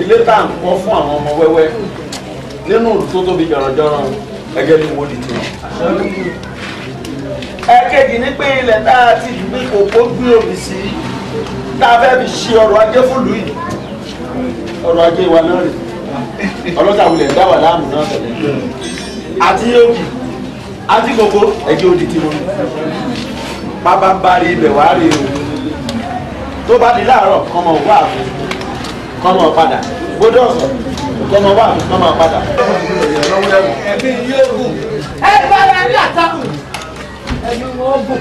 ilé tá à ń kọ́ fún àwọn ọmọ wẹ́wẹ́ nínú tó tóbi jọ̀rọ̀jọ̀rọ̀ gẹ́gẹ́ bí wọ́n di tiwọn ẹ̀kejì ní pé ilẹ̀ tá a ti dùn ní kòkó gbé òbí sí tá a fẹ́ fi ṣe ọrọ̀ ajé fúlù yìí ọrọ̀ ajé wa náà rè ọlọ́tà wulẹ̀ dá wà láàmú náà tẹ̀lé àti yóòkì àti kòkó ẹ̀jẹ̀ òdì tí mo ní bàbá ń bari ibẹ̀ wá rè o tó bá di láàárọ̀ kọ́mọ wà fún kọ́mọ padà gbọ́dọ̀ ọ̀sán kọ́mọ wà fún kọ́mọ padà. ẹ bí yóò kù. ẹ bá ra ní àtàkùn ẹnu wọn bò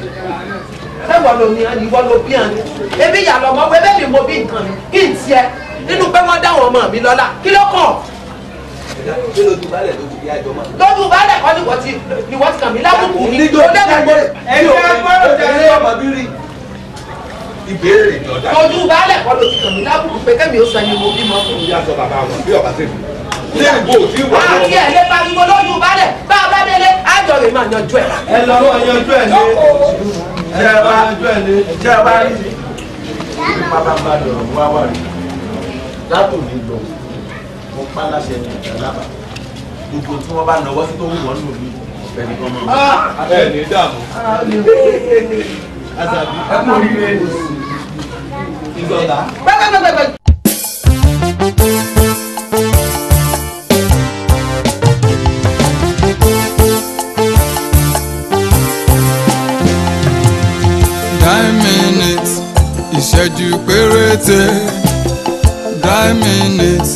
ẹwà lomi ìwọ ló bí àná ebi yà lọ mọ wẹbẹ mi mo bí nǹkan mi kí n tiẹ nínú pé wọn dáwọn ọmọ mi lọ́lá kí ló kàn. lójú balẹ̀ kọ́ ni wọ́n ti ni wọ́n ti kàn mí lábùkù mi tó dẹ́kun gbọ́dọ̀. ẹni ẹ gbọ́dọ̀ jẹ́ ọmọ bírí ìbéèrè ìjọba. lójú balẹ̀ kọ́ ló ti kàn mí lábùkù pé kẹ́mi ó sọ ẹni mo bímọ fún mi. ìyá sọ bàbá wọn bí ọba ṣe dùn tẹ ìwọ ò tí wà lọ. àti ẹ̀ lé pariwo lójú balẹ̀ bá a bá délé àjọ rẹ̀ máa yanjú ẹ̀. ẹ lọ máa yanjú ẹ̀ lé jẹ́ ẹ bá yanjú ẹ̀ lé jẹ́ ẹ bá rí i. pápákọ̀ wá wà rí látò ní lọ mo pa láṣẹ ní ìjà lábàá gbogbo tí wọ́n bá náwó sí tó wù wọ́n lò ní ọ̀fẹ́ nìkan mọ́. ẹ ní dààmú. àṣàbí ẹ kú ìṣẹ́jú péréte die minutes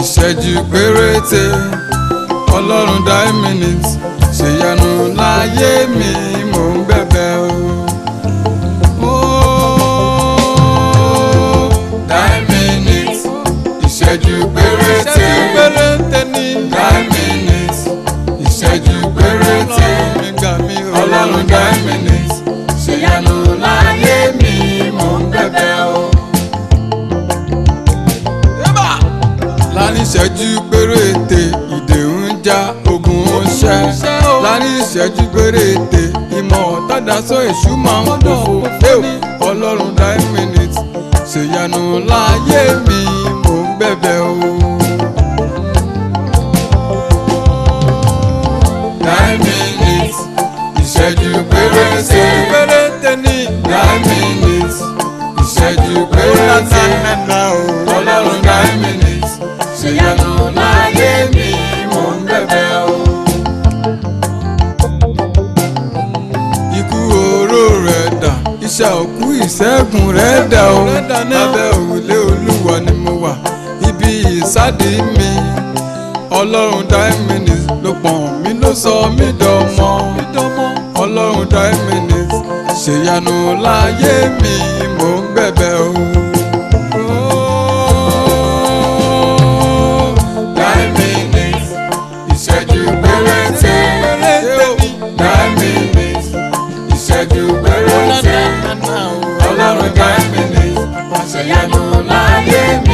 ìṣẹ́jú péréte ọlọ́run die minutes ṣèyanu láyé mi mò ń bẹ̀bẹ̀ o. Oh, die minutes ìṣẹ́jú péréte. ìṣẹ́jú péréte ìdè ń já ogun ó ṣẹ́ láàrin ìṣẹ́jú péréte ìmọ̀ ọ̀tàdá sọ èṣù máa ń dòfo ọlọ́run nine minutes ṣèyanu láyé mi mò ń bẹ̀bẹ̀ o. ìṣà òkú ìṣẹ́gun rẹ̀ dà o abẹ́ òrùlé olúwa ni mo wà ibi ìsádi mi ọlọ́run time minutes ló pọ̀n mi ló sọ mí dọmọ ọlọ́run time ṣèyanu láyé mi mò ń bẹ̀bẹ̀ o. no llama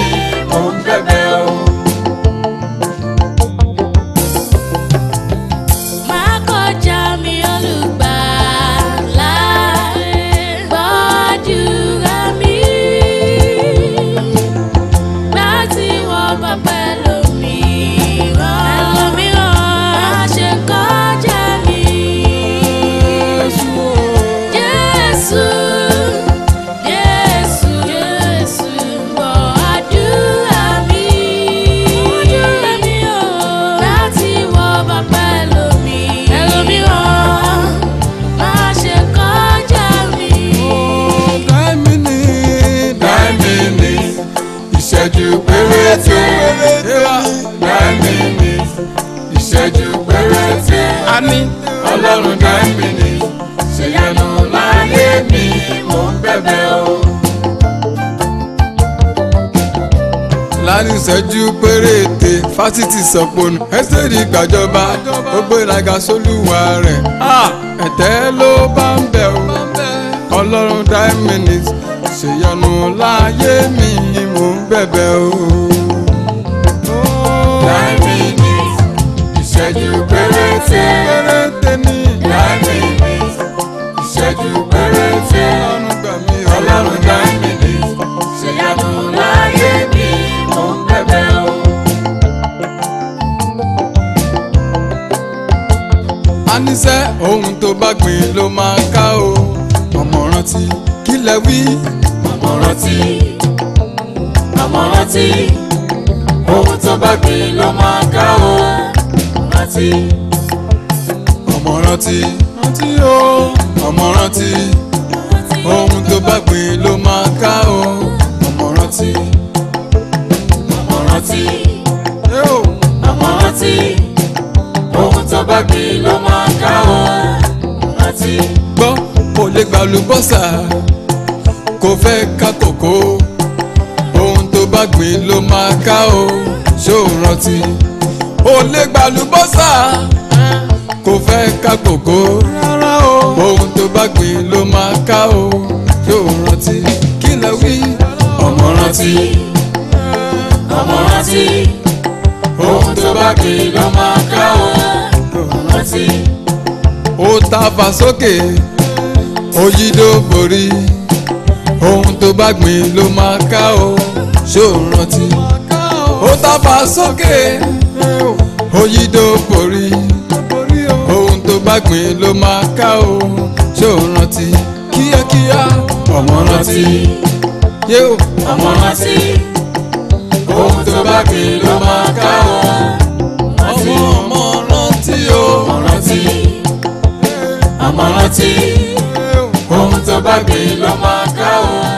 ọlọ́run dá mi ní ṣèyanu láyé mi mò ń bẹ̀bẹ̀ o. láàrin ìṣẹ́jú péréte fásitì sọ̀pọ̀nù ẹ́sẹ̀rì gbàjọba ó gbéraga sólúwa rẹ̀ ẹ̀tẹ́ ló bá ń bẹ̀ o ọlọ́run dá mi ní ṣèyanu láyé mi mò ń bẹ̀bẹ̀ o. láì mi ní ìṣẹ́jú péréte. fà sókè òyìndó borí ohun tó bá gbìn ló máa ká o ṣó rántí ó tàfà sókè òyìndó borí ohun tó bá gbìn ló máa ká o ṣó rántí kíákíá ọmọ rántí yóò ọmọ rántí ohun tó bá gbìn ló máa ká o. mọ́ rántí ohun tó bá gbé ló ká o.